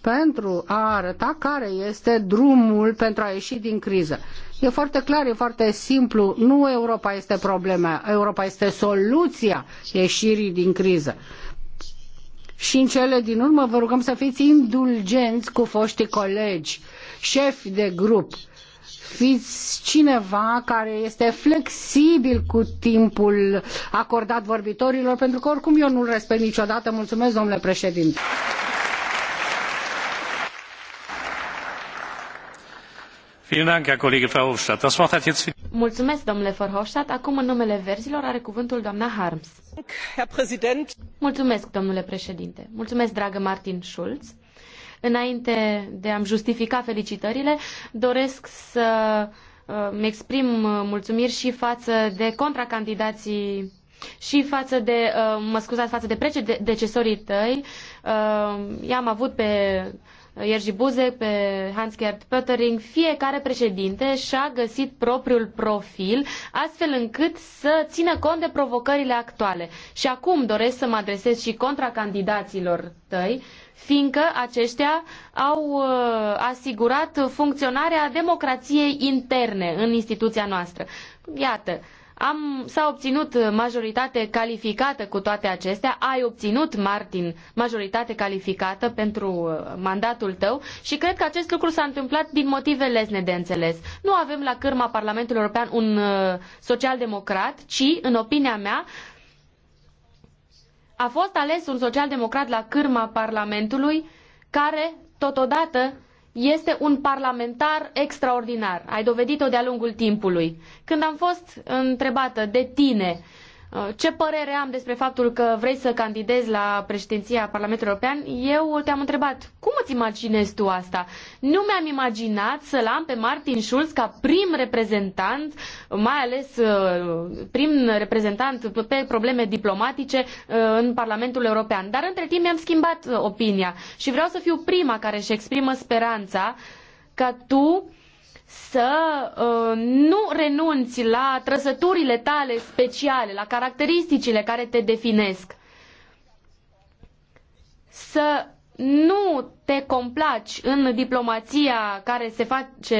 pentru a arăta care este drumul pentru a ieși din criză. E foarte clar, e foarte simplu. Nu Europa este problema, Europa este soluția ieșirii din criză. Și în cele din urmă vă rugăm să fiți indulgenți cu foștii colegi, șefi de grup. Fiți cineva care este flexibil cu timpul acordat vorbitorilor, pentru că oricum eu nu-l respect niciodată. Mulțumesc, domnule președinte. Mulțumesc, domnule verzilor, are cuvântul Mulțumesc, domnule președinte. Mulțumesc, dragă Martin Schulz. Înainte de a-mi justifica felicitările, doresc să uh, îmi exprim uh, mulțumiri și față de contracandidații și față de, uh, mă scuzați, față de predecesorii tăi. I-am avut pe Jerzy Buzek, pe Hans-Gerd Pöttering, fiecare președinte și-a găsit propriul profil, astfel încât să țină cont de provocările actuale. Și acum doresc să mă adresez și contracandidaților tăi, fiindcă aceștia au uh, asigurat funcționarea democrației interne în instituția noastră. Iată, am, s-a obținut majoritate calificată cu toate acestea, ai obținut, Martin, majoritate calificată pentru uh, mandatul tău și cred că acest lucru s-a întâmplat din motive lesne de înțeles. Nu avem la cârma Parlamentului European un uh, social-democrat, ci, în opinia mea, a fost ales un social-democrat la cârma Parlamentului care, totodată, este un parlamentar extraordinar. Ai dovedit-o de-a lungul timpului. Când am fost întrebată de tine Uh, ce părere am despre faptul că vrei să candidezi la președinția Parlamentului European, eu te-am întrebat, cum îți imaginezi tu asta? Nu mi-am imaginat să-l am pe Martin Schulz ca prim reprezentant, mai ales uh, prim reprezentant pe probleme diplomatice uh, în Parlamentul European. Dar între timp mi-am schimbat opinia și vreau să fiu prima care își exprimă speranța ca tu să uh, nu renunți la trăsăturile tale speciale, la caracteristicile care te definesc. Să nu te complaci în diplomația care se face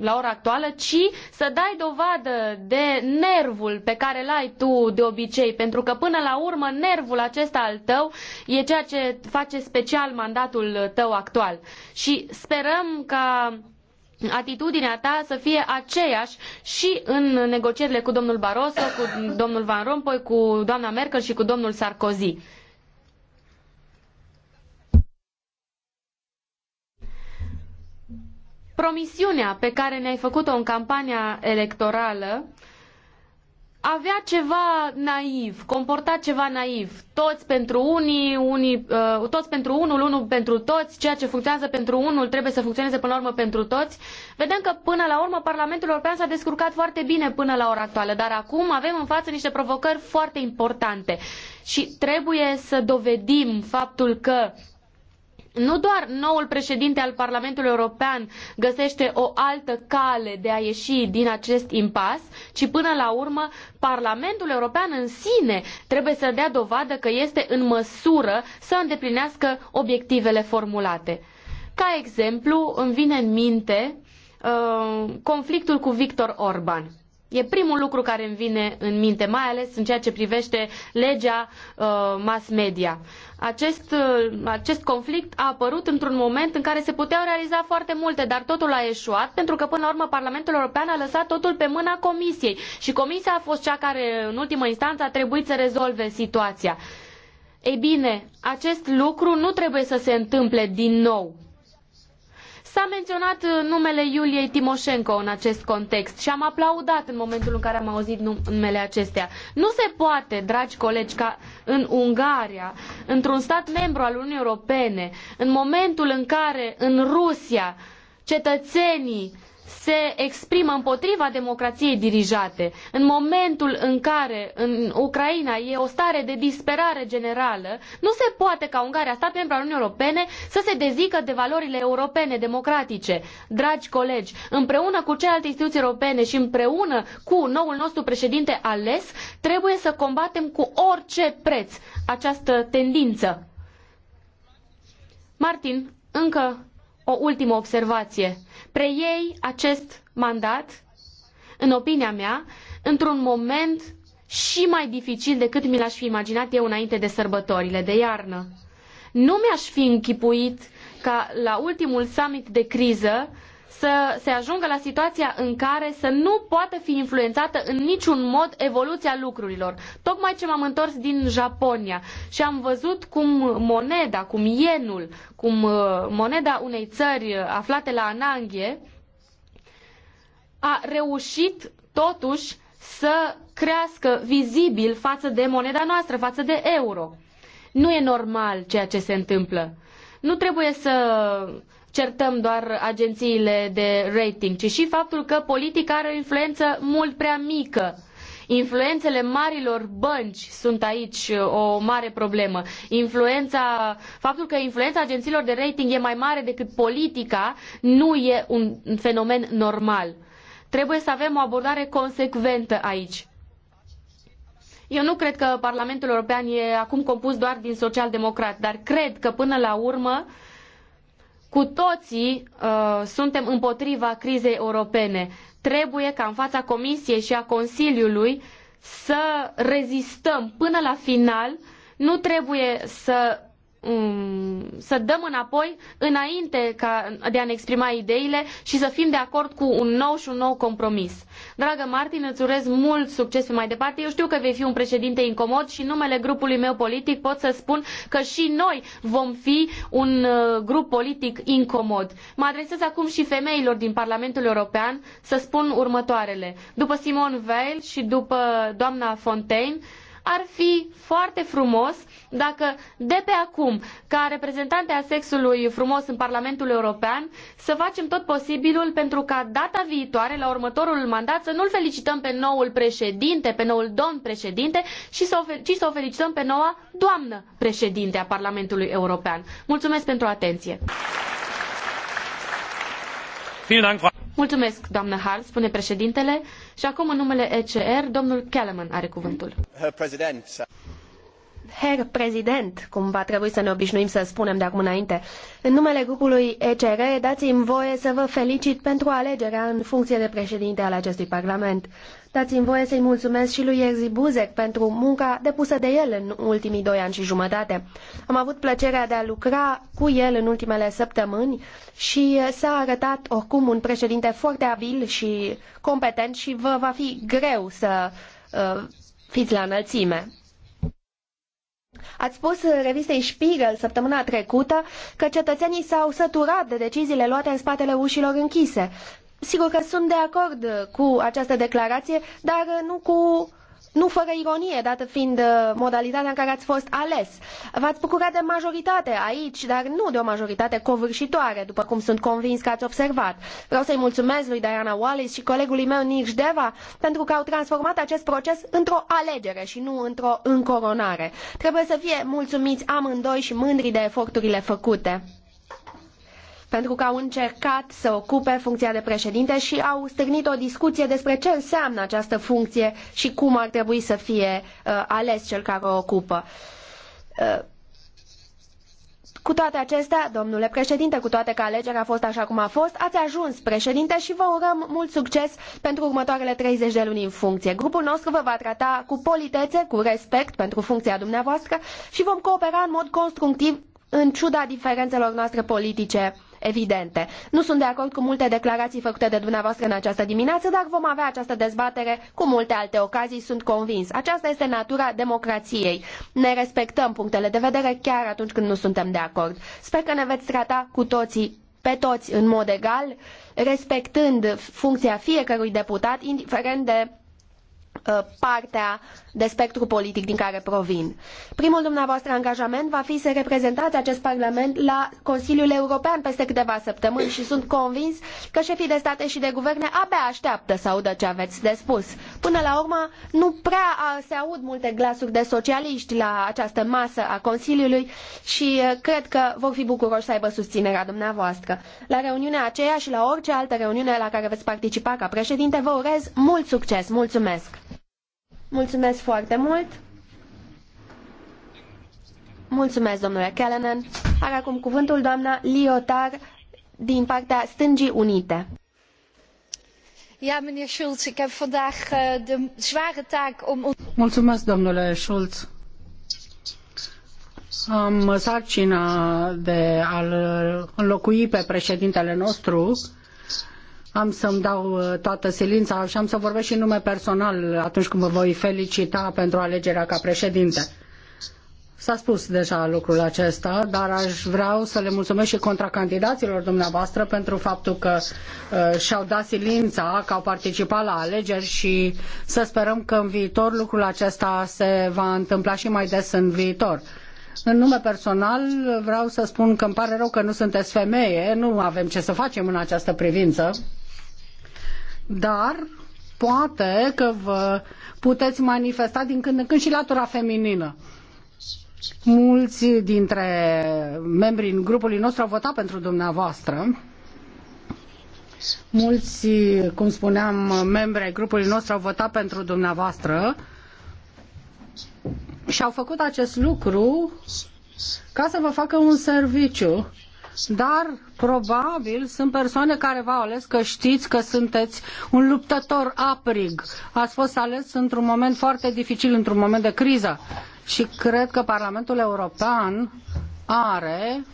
la ora actuală, ci să dai dovadă de nervul pe care îl ai tu de obicei, pentru că până la urmă nervul acesta al tău e ceea ce face special mandatul tău actual. Și sperăm ca atitudinea ta să fie aceeași și în negocierile cu domnul Barroso, cu domnul Van Rompuy, cu doamna Merkel și cu domnul Sarkozy. Promisiunea pe care ne-ai făcut-o în campania electorală uh, avea ceva naiv, comporta ceva naiv. Toți pentru unii, unii uh, toți pentru unul, unul pentru toți, ceea ce funcționează pentru unul trebuie să funcționeze până la urmă pentru toți. Vedem că până la urmă Parlamentul European s-a descurcat foarte bine până la ora actuală, dar acum avem în față niște provocări foarte importante și trebuie să dovedim faptul că nu doar noul președinte al Parlamentului European găsește o altă cale de a ieși din acest impas, ci până la urmă Parlamentul European în sine trebuie să dea dovadă că este în măsură să îndeplinească obiectivele formulate. Ca exemplu, îmi vine în minte uh, conflictul cu Victor Orban E primul lucru care îmi vine în minte, mai ales în ceea ce privește legea uh, mass media. Acest, uh, acest conflict a apărut într-un moment în care se puteau realiza foarte multe, dar totul a eșuat, pentru că până la urmă Parlamentul European a lăsat totul pe mâna Comisiei și Comisia a fost cea care, în ultimă instanță, a trebuit să rezolve situația. Ei bine, acest lucru nu trebuie să se întâmple din nou. S-a menționat uh, numele Iuliei Timoșenko în acest context și am aplaudat în momentul în care am auzit numele acestea. Nu se poate, dragi colegi, ca în Ungaria, într-un stat membru al Uniunii Europene, în momentul în care în Rusia cetățenii se exprimă împotriva democrației dirijate, în momentul în care în Ucraina e o stare de disperare generală, nu se poate ca Ungaria, stat membru al Uniunii Europene, să se dezică de valorile europene democratice. Dragi colegi, împreună cu celelalte instituții europene și împreună cu noul nostru președinte ales, trebuie să combatem cu orice preț această tendință. Martin, încă o ultimă observație preiei acest mandat, în opinia mea, într-un moment și mai dificil decât mi l-aș fi imaginat eu înainte de sărbătorile de iarnă. Nu mi-aș fi închipuit ca la ultimul summit de criză să se ajungă la situația în care să nu poată fi influențată în niciun mod evoluția lucrurilor. Tocmai ce m-am întors din Japonia și am văzut cum moneda, cum yenul, cum uh, moneda unei țări uh, aflate la ananghie a reușit totuși să crească vizibil față de moneda noastră, față de euro. Nu e normal ceea ce se întâmplă. Nu trebuie să certăm doar agențiile de rating, ci și faptul că politica are o influență mult prea mică. Influențele marilor bănci sunt aici uh, o mare problemă. Influența, faptul că influența agențiilor de rating e mai mare decât politica nu e un fenomen normal. Trebuie să avem o abordare consecventă aici. Eu nu cred că Parlamentul European e acum compus doar din social-democrat, dar cred că până la urmă cu toții uh, suntem împotriva crizei europene. Trebuie ca în fața Comisiei și a Consiliului să rezistăm până la final. Nu trebuie să Um, să dăm înapoi înainte ca de a ne exprima ideile și să fim de acord cu un nou și un nou compromis. Dragă Martin, îți urez mult succes pe mai departe. Eu știu că vei fi un președinte incomod și în numele grupului meu politic pot să spun că și noi vom fi un uh, grup politic incomod. Mă adresez acum și femeilor din Parlamentul European să spun următoarele. După Simone Veil și după doamna Fontaine, ar fi foarte frumos dacă de pe acum, ca reprezentante a sexului frumos în Parlamentul European, să facem tot posibilul pentru ca data viitoare, la următorul mandat, să nu-l felicităm pe noul președinte, pe noul domn președinte, să o, ci să o felicităm pe noua doamnă președinte a Parlamentului European. Mulțumesc pentru atenție! Mulțumesc, doamnă Hall, spune președintele. Și acum, în numele ECR, domnul Kellerman are cuvântul. Herr Prezident, cum va trebui să ne obișnuim să spunem de acum înainte. În numele grupului ECR, dați-mi voie să vă felicit pentru alegerea în funcție de președinte al acestui Parlament. Dați-mi voie să-i mulțumesc și lui Erzi Buzek pentru munca depusă de el în ultimii doi ani și jumătate. Am avut plăcerea de a lucra cu el în ultimele săptămâni și s-a arătat oricum un președinte foarte abil și competent și vă va fi greu să uh, fiți la înălțime. Ați spus revistei Spiegel săptămâna trecută că cetățenii s-au săturat de deciziile luate în spatele ușilor închise. Sigur că sunt de acord uh, cu această declarație, dar uh, nu cu nu fără ironie, dată fiind uh, modalitatea în care ați fost ales. V-ați bucurat de majoritate aici, dar nu de o majoritate covârșitoare, după cum sunt convins că ați observat. Vreau să-i mulțumesc lui Diana Wallis și colegului meu Nirj Deva pentru că au transformat acest proces într-o alegere și nu într-o încoronare. Trebuie să fie mulțumiți amândoi și mândri de eforturile făcute pentru că au încercat să ocupe funcția de președinte și au stârnit o discuție despre ce înseamnă această funcție și cum ar trebui să fie uh, ales cel care o ocupă. Uh, cu toate acestea, domnule președinte, cu toate că alegerea a fost așa cum a fost, ați ajuns președinte și vă urăm mult succes pentru următoarele 30 de luni în funcție. Grupul nostru vă va trata cu politețe, cu respect pentru funcția dumneavoastră și vom coopera în mod constructiv în ciuda diferențelor noastre politice evidente. Nu sunt de acord cu multe declarații făcute de dumneavoastră în această dimineață, dar vom avea această dezbatere cu multe alte ocazii, sunt convins. Aceasta este natura democrației. Ne respectăm punctele de vedere chiar atunci când nu suntem de acord. Sper că ne veți trata cu toții pe toți în mod egal, respectând funcția fiecărui deputat, indiferent de Uh, partea de spectru politic din care provin. Primul dumneavoastră angajament va fi să reprezentați acest Parlament la Consiliul European peste câteva săptămâni și sunt convins că șefii de state și de guverne abia așteaptă să audă ce aveți de spus. Până la urmă, nu prea se aud multe glasuri de socialiști la această masă a Consiliului și uh, cred că vor fi bucuroși să aibă susținerea dumneavoastră. La reuniunea aceea și la orice altă reuniune la care veți participa ca președinte, vă urez mult succes. Mulțumesc! Mulțumesc foarte mult! Mulțumesc, domnule Kellenen. Are acum cuvântul doamna Liotar din partea Stângii Unite. Ja, meneer Schulz, ik heb vandaag eh, de zware taak om... Mulțumesc, domnule Schulz. Am sarcina de a-l înlocui pe președintele nostru am să-mi dau uh, toată silința și am să vorbesc și în nume personal atunci când vă voi felicita pentru alegerea ca președinte. S-a spus deja lucrul acesta, dar aș vrea să le mulțumesc și contracandidaților dumneavoastră pentru faptul că uh, și-au dat silința, că au participat la alegeri și să sperăm că în viitor lucrul acesta se va întâmpla și mai des în viitor. În nume personal vreau să spun că îmi pare rău că nu sunteți femeie, nu avem ce să facem în această privință dar poate că vă puteți manifesta din când în când și latura feminină. Mulți dintre membrii grupului nostru au votat pentru dumneavoastră. Mulți, cum spuneam, membri ai grupului nostru au votat pentru dumneavoastră și au făcut acest lucru ca să vă facă un serviciu dar probabil sunt persoane care v-au ales că știți că sunteți un luptător aprig. Ați fost ales într-un moment foarte dificil, într-un moment de criză și cred că Parlamentul European are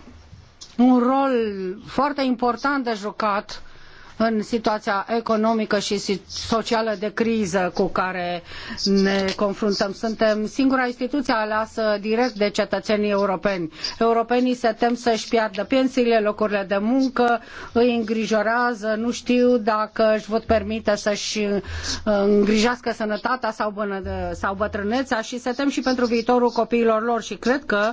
un rol foarte important de jucat în situația economică și socială de criză cu care ne confruntăm. Suntem singura instituție aleasă direct de cetățenii europeni. Europenii se tem să-și piardă pensiile, locurile de muncă, îi îngrijorează, nu știu dacă își pot permite să-și uh, îngrijească sănătatea sau, bână, sau și se tem și pentru viitorul copiilor lor și cred că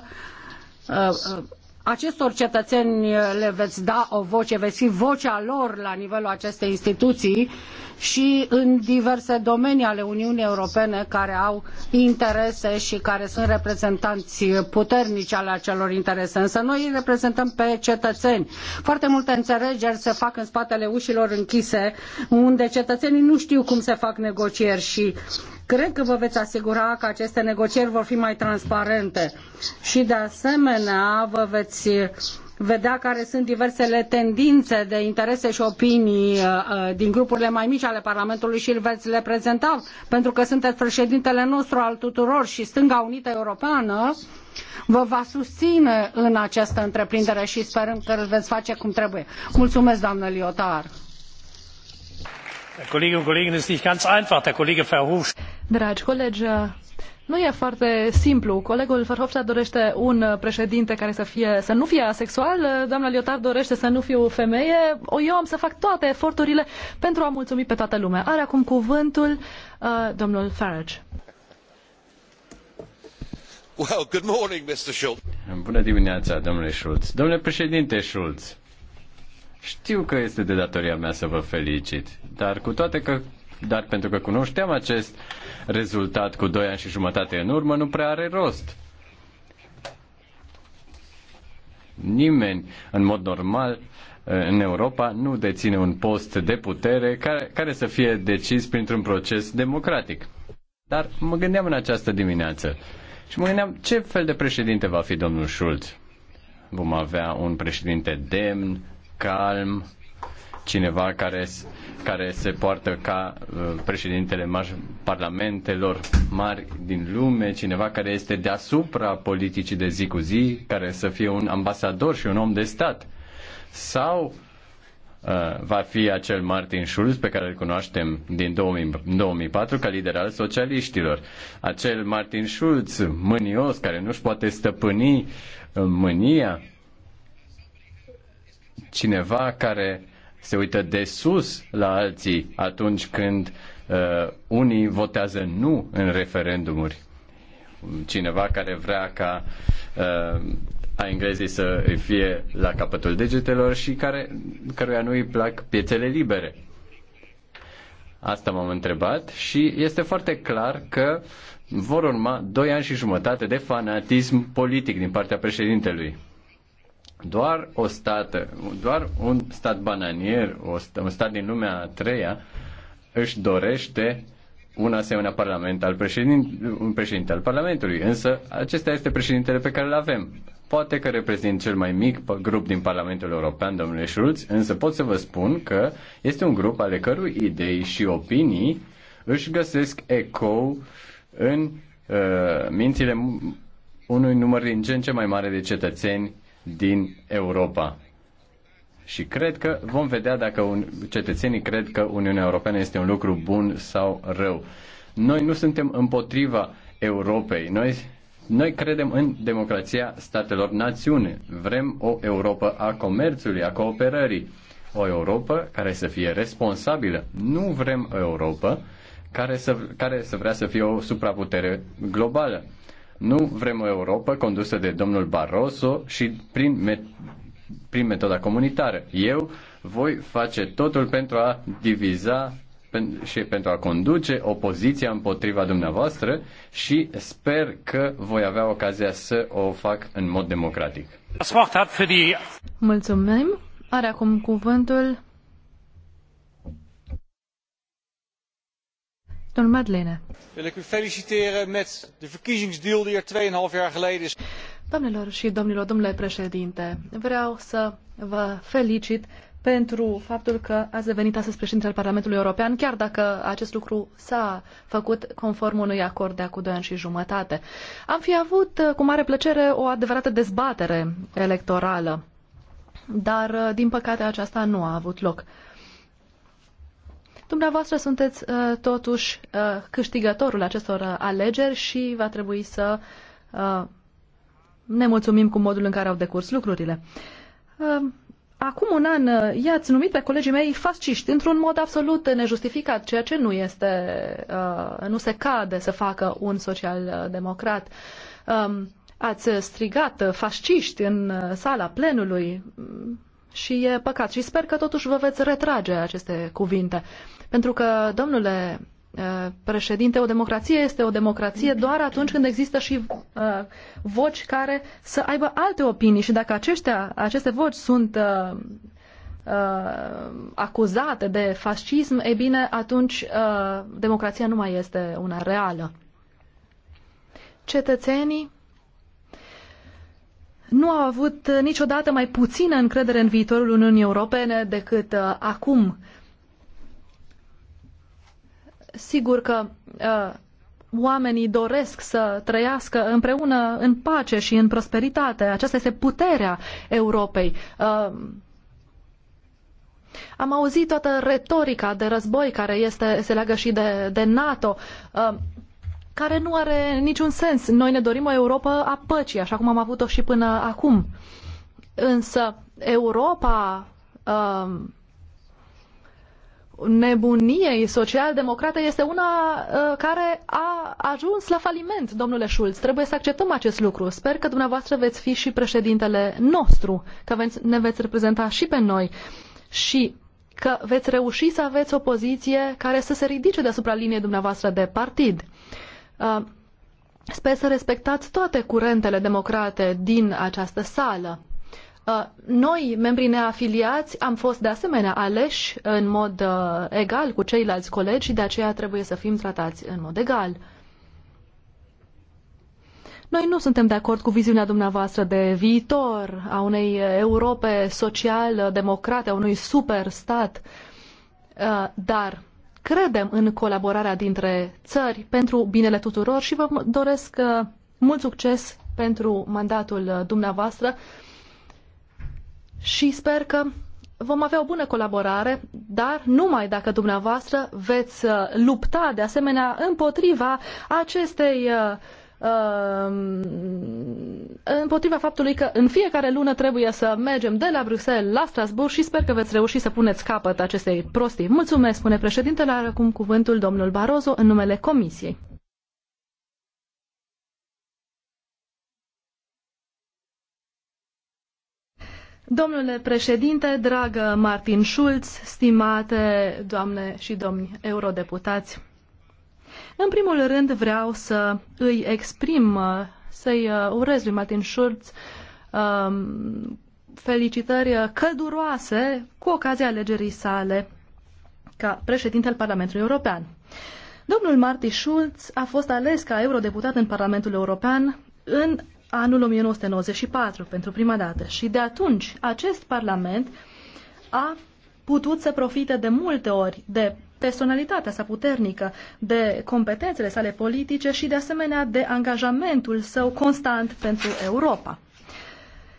uh, uh, acestor cetățeni le veți da o voce, veți fi vocea lor la nivelul acestei instituții și în diverse domenii ale Uniunii Europene care au interese și care sunt reprezentanți puternici ale acelor interese. Însă noi îi reprezentăm pe cetățeni. Foarte multe înțelegeri se fac în spatele ușilor închise, unde cetățenii nu știu cum se fac negocieri și Cred că vă veți asigura că aceste negocieri vor fi mai transparente și de asemenea vă veți vedea care sunt diversele tendințe de interese și opinii uh, uh, din grupurile mai mici ale Parlamentului și îl veți prezenta, pentru că sunteți președintele nostru al tuturor și Stânga Unită Europeană vă va susține în această întreprindere și sperăm că îl veți face cum trebuie. Mulțumesc, doamnă Liotar! Dragi colegi, nu e foarte simplu. Colegul Verhofstadt dorește un uh, președinte care să, fie, să nu fie asexual, uh, doamna Liotard dorește să nu fie o femeie. Eu am să fac toate eforturile pentru a mulțumi pe toată lumea. Are acum cuvântul uh, domnul Farage. Well, good morning, Mr. Schultz. Bună dimineața, domnule Schulz. Domnule președinte Schulz, știu că este de datoria mea să vă felicit, dar cu toate că dar pentru că cunoșteam acest rezultat cu 2 ani și jumătate în urmă, nu prea are rost. Nimeni, în mod normal, în Europa nu deține un post de putere care, care să fie decis printr-un proces democratic. Dar mă gândeam în această dimineață și mă gândeam ce fel de președinte va fi domnul Schulz. Vom avea un președinte demn, calm, cineva care, care se poartă ca uh, președintele parlamentelor mari din lume, cineva care este deasupra politicii de zi cu zi, care să fie un ambasador și un om de stat. Sau uh, va fi acel Martin Schulz pe care îl cunoaștem din 2000, 2004 ca lider al socialiștilor. Acel Martin Schulz mânios care nu-și poate stăpâni uh, mânia. Cineva care se uită de sus la alții atunci când uh, unii votează nu în referendumuri. Cineva care vrea ca uh, a englezii să fie la capătul degetelor și care, căruia nu îi plac piețele libere. Asta m-am întrebat și este foarte clar că vor urma doi ani și jumătate de fanatism politic din partea președintelui. Doar o stată, doar un stat bananier, un stat din lumea a treia, își dorește un asemenea parlament al președin, un președinte al Parlamentului, însă acesta este președintele pe care îl avem. Poate că reprezint cel mai mic grup din Parlamentul European, domnule Schulz, însă pot să vă spun că este un grup ale cărui idei și opinii își găsesc ecou în uh, mințile unui număr din ce în ce mai mare de cetățeni din Europa. Și cred că vom vedea dacă un, cetățenii cred că Uniunea Europeană este un lucru bun sau rău. Noi nu suntem împotriva Europei. Noi, noi credem în democrația statelor națiune. Vrem o Europa a comerțului, a cooperării. O Europa care să fie responsabilă. Nu vrem o Europa care să, care să vrea să fie o supraputere globală. Nu vrem o Europa condusă de domnul Barroso și prin, me- prin metoda comunitară. Eu voi face totul pentru a diviza și pentru a conduce opoziția împotriva dumneavoastră și sper că voi avea ocazia să o fac în mod democratic. Mulțumim. Are acum cuvântul Domnul Madlene. Wil ik u feliciteren met de verkiezingsdeal die er 2,5 jaar geleden is. Doamnelor și domnilor, domnule președinte, vreau să vă felicit pentru faptul că ați devenit astăzi președinte al Parlamentului European, chiar dacă acest lucru s-a făcut conform unui acord de acum 2 ani și jumătate. Am fi avut uh, cu mare plăcere o adevărată dezbatere electorală, dar uh, din păcate aceasta nu a avut loc. Dumneavoastră sunteți uh, totuși uh, câștigătorul acestor uh, alegeri și va trebui să ne mulțumim cu modul în care au decurs lucrurile. Acum un an i-ați numit pe colegii mei fasciști într-un mod absolut nejustificat, ceea ce nu este, nu se cade să facă un social-democrat. Um, ați strigat fasciști în sala plenului mm, și e păcat și sper că totuși vă veți retrage aceste cuvinte. Pentru că, domnule uh, președinte, o democrație este o democrație doar atunci când există și uh, voci care să aibă alte opinii și dacă aceștia, aceste voci sunt uh, uh, acuzate de fascism, e bine, atunci uh, democrația nu mai este una reală. Cetățenii nu au avut niciodată mai puțină încredere în viitorul Uniunii Europene decât uh, acum. Uh, Sigur că uh, oamenii doresc să trăiască împreună în pace și în prosperitate. Aceasta este puterea Europei. Uh, am auzit toată retorica de război care este, se leagă și de, de NATO, uh, care nu are niciun sens. Noi ne dorim o Europa a păcii, așa cum am avut-o și până acum. Însă Europa uh, nebuniei social-democrate este una uh, care a ajuns la faliment, domnule Schulz. Trebuie să acceptăm acest lucru. Sper că dumneavoastră veți fi și președintele nostru, că veți, ne veți reprezenta și pe noi și că veți reuși să aveți o poziție care să se ridice deasupra liniei dumneavoastră de partid. Uh, sper să respectați toate curentele democrate din această sală Uh, noi, membrii neafiliați, am fost de asemenea aleși în mod uh, egal cu ceilalți colegi și de aceea trebuie să fim tratați în mod egal. Noi nu suntem de acord cu viziunea dumneavoastră de viitor a unei Europe social-democrate, uh, a unui superstat, dar credem în colaborarea dintre țări pentru binele tuturor și vă doresc mult succes pentru mandatul dumneavoastră și sper că vom avea o bună colaborare, dar numai dacă dumneavoastră veți uh, lupta de asemenea împotriva acestei uh, um, împotriva faptului că în fiecare lună trebuie să mergem de la Bruxelles la Strasbourg și sper că veți reuși să puneți capăt acestei prostii. Mulțumesc, spune președintele, are acum cuvântul domnul Barroso în numele Comisiei. Domnule președinte, dragă Martin Schulz, stimate doamne și domni eurodeputați, în primul rând vreau să îi exprim, să-i uh, urez lui Martin Schulz um, felicitări călduroase cu ocazia alegerii sale ca președinte al Parlamentului European. Domnul Martin Schulz a fost ales ca eurodeputat în Parlamentul European în anul 1994 pentru prima dată și de atunci acest Parlament a putut să profite de multe ori de personalitatea sa puternică, de competențele sale politice și de asemenea de angajamentul său constant pentru Europa.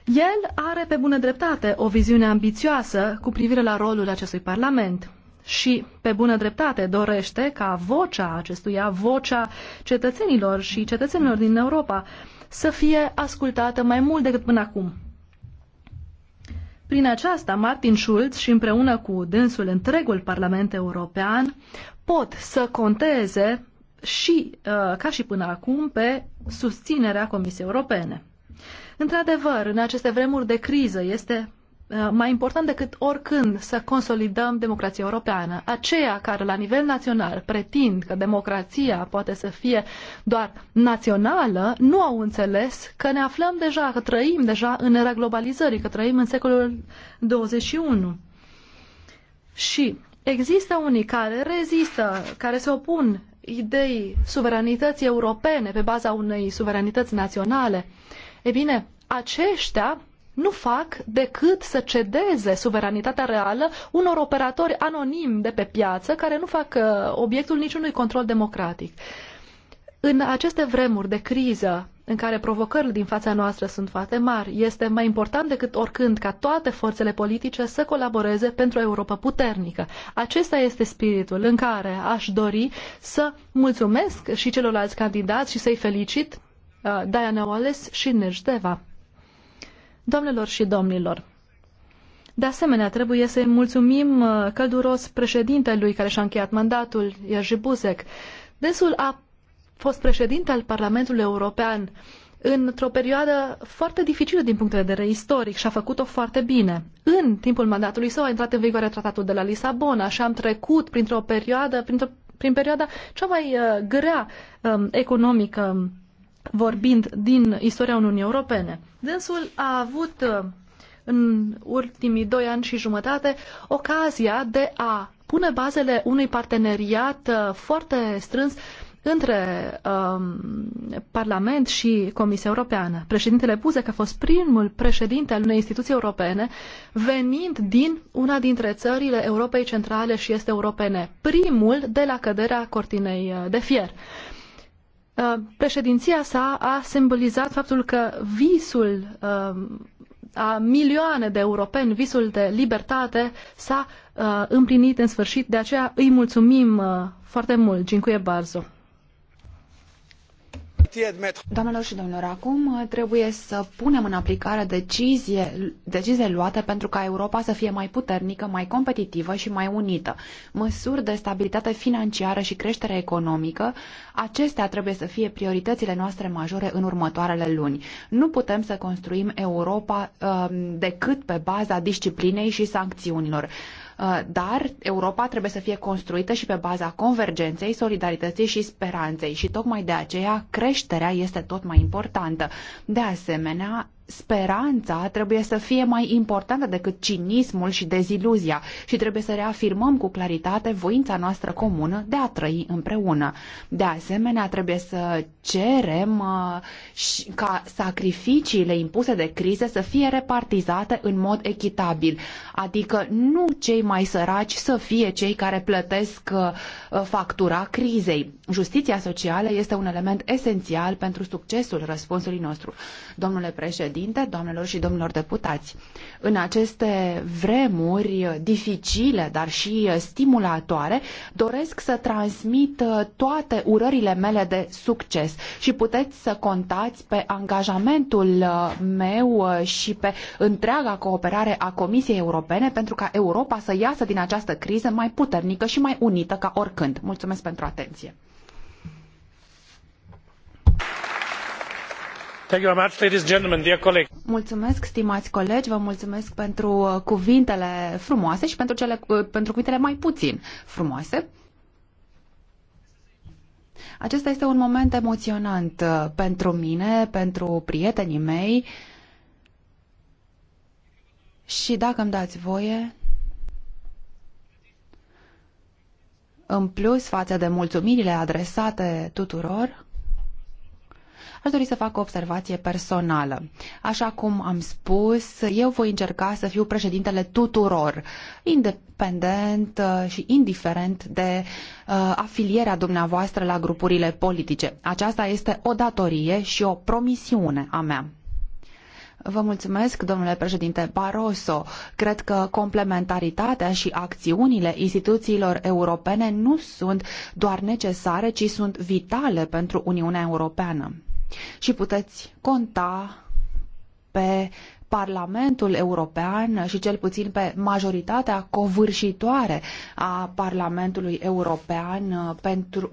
El are pe bună dreptate o viziune ambițioasă cu privire la rolul acestui Parlament și pe bună dreptate dorește ca vocea acestuia, vocea cetățenilor și cetățenilor din Europa, să fie ascultată mai mult decât până acum. Prin aceasta, Martin Schulz și împreună cu dânsul întregul Parlament European pot să conteze și, uh, ca și până acum, pe susținerea Comisiei Europene. Într-adevăr, în aceste vremuri de criză este Uh, mai important decât oricând să consolidăm democrația europeană. Aceia care la nivel național pretind că democrația poate să fie doar națională, nu au înțeles că ne aflăm deja, că trăim deja în era globalizării, că trăim în secolul 21. Și există unii care rezistă, care se opun idei suveranității europene pe baza unei suveranități naționale. E bine, aceștia nu fac decât să cedeze suveranitatea reală unor operatori anonimi de pe piață care nu fac uh, obiectul niciunui control democratic. În aceste vremuri de criză în care provocările din fața noastră sunt foarte mari, este mai important decât oricând ca toate forțele politice să colaboreze pentru o Europa puternică. Acesta este spiritul în care aș dori să mulțumesc și celorlalți candidați și să-i felicit uh, Diana Wallace și Nejdeva. Doamnelor și domnilor, de asemenea, trebuie să-i mulțumim uh, călduros președintelui care și-a încheiat mandatul, Ierji Buzek. Desul a fost președinte al Parlamentului European într-o perioadă foarte dificilă din punct de vedere istoric și a făcut-o foarte bine. În timpul mandatului său a intrat în vigoare tratatul de la Lisabona și am trecut printr-o perioadă, printr-o, prin perioada cea mai uh, grea um, economică vorbind din istoria Uniunii Europene. Dânsul a avut uh, în ultimii doi ani și jumătate ocazia de a pune bazele unui parteneriat uh, foarte strâns între um, Parlament și Comisia Europeană. Președintele Buzek a fost primul președinte al unei instituții europene venind din una dintre țările Europei Centrale și Este Europene, primul de la căderea cortinei uh, de fier. Uh, președinția sa a simbolizat faptul că visul uh, a milioane de europeni, visul de libertate s-a uh, împlinit în sfârșit. De aceea îi mulțumim foarte mult. Cincuie Barzo. Doamnelor și domnilor, acum uh, trebuie să punem în aplicare decizie, decizie luate pentru ca Europa să fie mai puternică, mai competitivă și mai unită. Măsuri de stabilitate financiară și creștere economică, acestea trebuie să fie prioritățile noastre majore în următoarele luni. Nu putem să construim Europa uh, decât pe baza disciplinei și sancțiunilor. Uh, dar Europa trebuie să fie construită și pe baza convergenței, solidarității și speranței și tocmai de aceea creșterea este tot mai importantă. De asemenea, speranța trebuie să fie mai importantă decât cinismul și deziluzia și trebuie să reafirmăm cu claritate voința noastră comună de a trăi împreună. De asemenea, trebuie să cerem uh, ca sacrificiile impuse de crize să fie repartizate în mod echitabil, adică nu cei mai săraci să fie cei care plătesc uh, uh, factura crizei. Justiția socială este un element esențial pentru succesul răspunsului nostru. Domnule președinte, președinte, doamnelor și domnilor deputați. În aceste vremuri dificile, dar și stimulatoare, doresc să transmit toate urările mele de succes și puteți să contați pe angajamentul meu și pe întreaga cooperare a Comisiei Europene pentru ca Europa să iasă din această criză mai puternică și mai unită ca oricând. Mulțumesc pentru atenție. Mulțumesc, stimați colegi, vă mulțumesc pentru uh, cuvintele frumoase și pentru, cele, uh, pentru cuvintele mai puțin frumoase. Acesta este un moment emoționant uh, pentru mine, pentru prietenii mei și dacă îmi dați voie, în plus față de mulțumirile adresate tuturor, Aș dori să fac o observație personală. Așa cum am spus, eu voi încerca să fiu președintele tuturor, independent uh, și indiferent de uh, afilierea dumneavoastră la grupurile politice. Aceasta este o datorie și o promisiune a mea. Vă mulțumesc, domnule președinte Barroso. Cred că complementaritatea și acțiunile instituțiilor europene nu sunt doar necesare, ci sunt vitale pentru Uniunea Europeană și puteți conta pe Parlamentul European și cel puțin pe majoritatea covârșitoare a Parlamentului European uh, pentru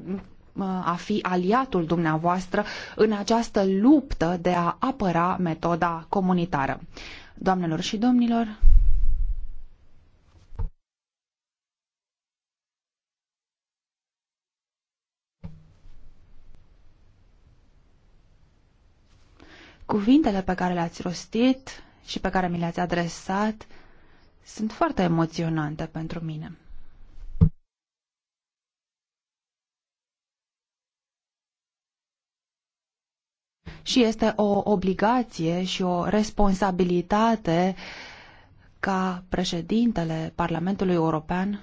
uh, a fi aliatul dumneavoastră în această luptă de a apăra metoda comunitară. Doamnelor și domnilor, Cuvintele pe care le-ați rostit și pe care mi le-ați adresat sunt foarte emoționante pentru mine. Și este o obligație și o responsabilitate ca președintele Parlamentului European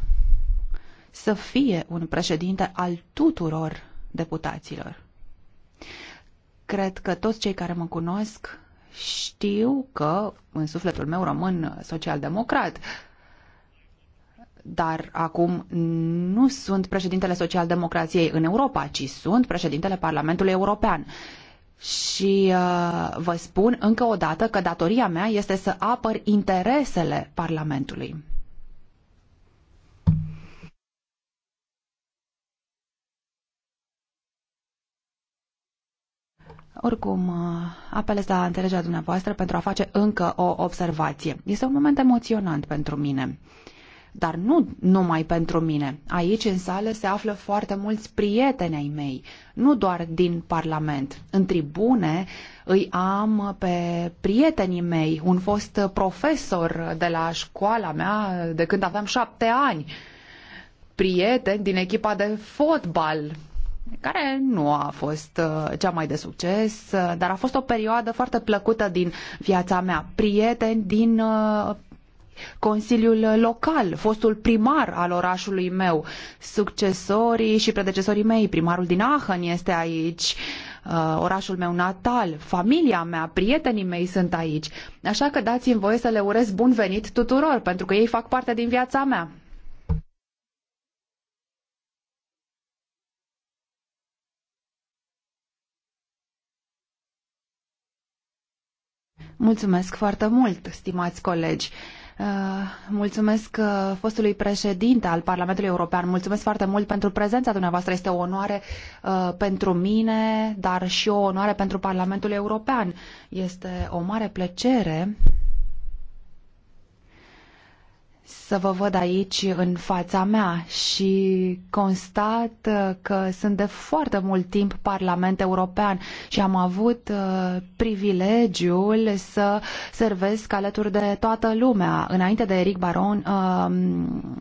să fie un președinte al tuturor deputaților. Cred că toți cei care mă cunosc știu că în sufletul meu rămân social-democrat, dar acum nu sunt președintele social-democrației în Europa, ci sunt președintele Parlamentului European. Și uh, vă spun încă o dată că datoria mea este să apăr interesele Parlamentului. Oricum, uh, apelez la înțelegerea dumneavoastră pentru a face încă o observație. Este un moment emoționant pentru mine. Dar nu numai pentru mine. Aici, în sală, se află foarte mulți prieteni ai mei, nu doar din Parlament. În tribune îi am pe prietenii mei, un fost profesor de la școala mea de când aveam șapte ani, prieteni din echipa de fotbal care nu a fost uh, cea mai de succes, uh, dar a fost o perioadă foarte plăcută din viața mea. Prieteni din uh, Consiliul local, fostul primar al orașului meu, succesorii și predecesorii mei, primarul din Aachen este aici, orașul meu natal, familia mea, prietenii mei sunt aici. Așa că dați-mi voie să le urez bun venit tuturor, pentru că ei fac parte din viața mea. Mulțumesc foarte mult, stimați colegi. Uh, mulțumesc uh, fostului președinte al Parlamentului European. Mulțumesc foarte mult pentru prezența dumneavoastră. Este o onoare uh, pentru mine, dar și o onoare pentru Parlamentul European. Este o mare plăcere să vă văd aici în fața mea și constat uh, că sunt de foarte mult timp Parlament European și am avut uh, privilegiul să servesc alături de toată lumea. Înainte de Eric Baron, um,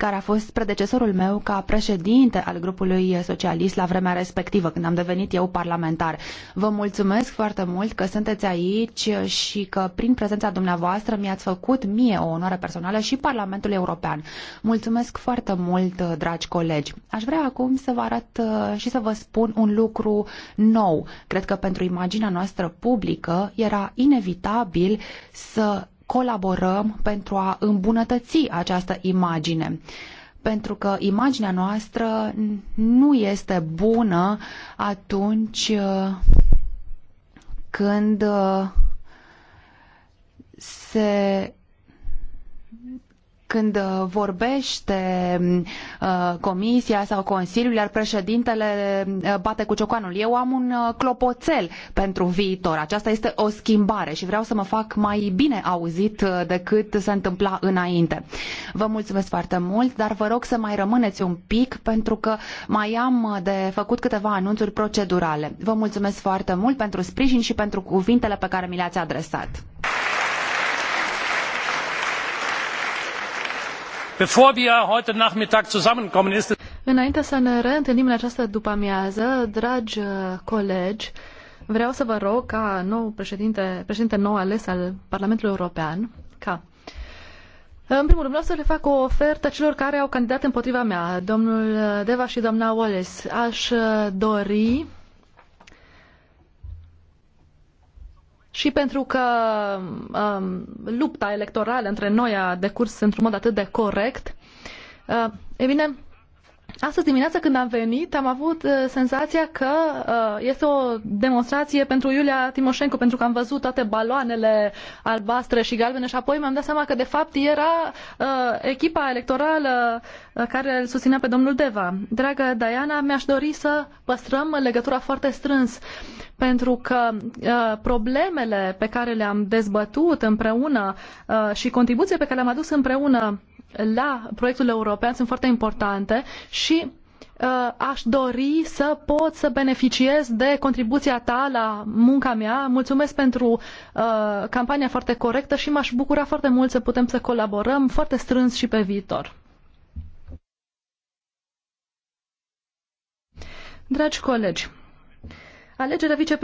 care a fost predecesorul meu ca președinte al grupului socialist la vremea respectivă, când am devenit eu parlamentar. Vă mulțumesc foarte mult că sunteți aici și că prin prezența dumneavoastră mi-ați făcut mie o onoare personală și Parlamentul European. Mulțumesc foarte mult, dragi colegi. Aș vrea acum să vă arăt uh, și să vă spun un lucru nou. Cred că pentru imaginea noastră publică era inevitabil să colaborăm pentru a îmbunătăți această imagine pentru că imaginea noastră nu este bună atunci uh, când uh, se când uh, vorbește uh, Comisia sau Consiliul, iar președintele uh, bate cu ciocanul. Eu am un clopoțel pentru viitor. Aceasta este o schimbare și vreau să mă fac mai bine auzit decât se întâmpla înainte. Vă mulțumesc foarte mult, dar vă rog să mai rămâneți un pic pentru că mai am de făcut câteva anunțuri procedurale. Vă mulțumesc foarte mult pentru sprijin și pentru cuvintele pe care mi le-ați adresat. Înainte să ne reîntâlnim în această după-amiază, dragi uh, colegi, vreau să vă rog ca nou președinte, președinte nou ales al Parlamentului European, ca în primul rând, vreau să le fac o ofertă celor care au candidat împotriva mea, domnul uh, Deva și doamna Wallace. Aș uh, dori și pentru că um, lupta electorală între noi a decurs într-un mod atât de corect, uh, e bine, Astăzi dimineața când am venit, am avut uh, senzația că uh, este o demonstrație pentru Iulia Timoșenko, pentru că am văzut toate baloanele albastre și galbene și apoi mi-am dat seama că de fapt era uh, echipa electorală care îl susținea pe domnul Deva. Dragă Diana, mi-aș dori să păstrăm legătura foarte strâns pentru că uh, problemele pe care le-am dezbătut împreună uh, și contribuția pe care le-am adus împreună la proiectul european sunt foarte importante și uh, aș dori să pot să beneficiez de contribuția ta la munca mea. Mulțumesc pentru uh, campania foarte corectă și m-aș bucura foarte mult să putem să colaborăm foarte strâns și pe viitor. Dragi colegi, alegerea vicepreședintelui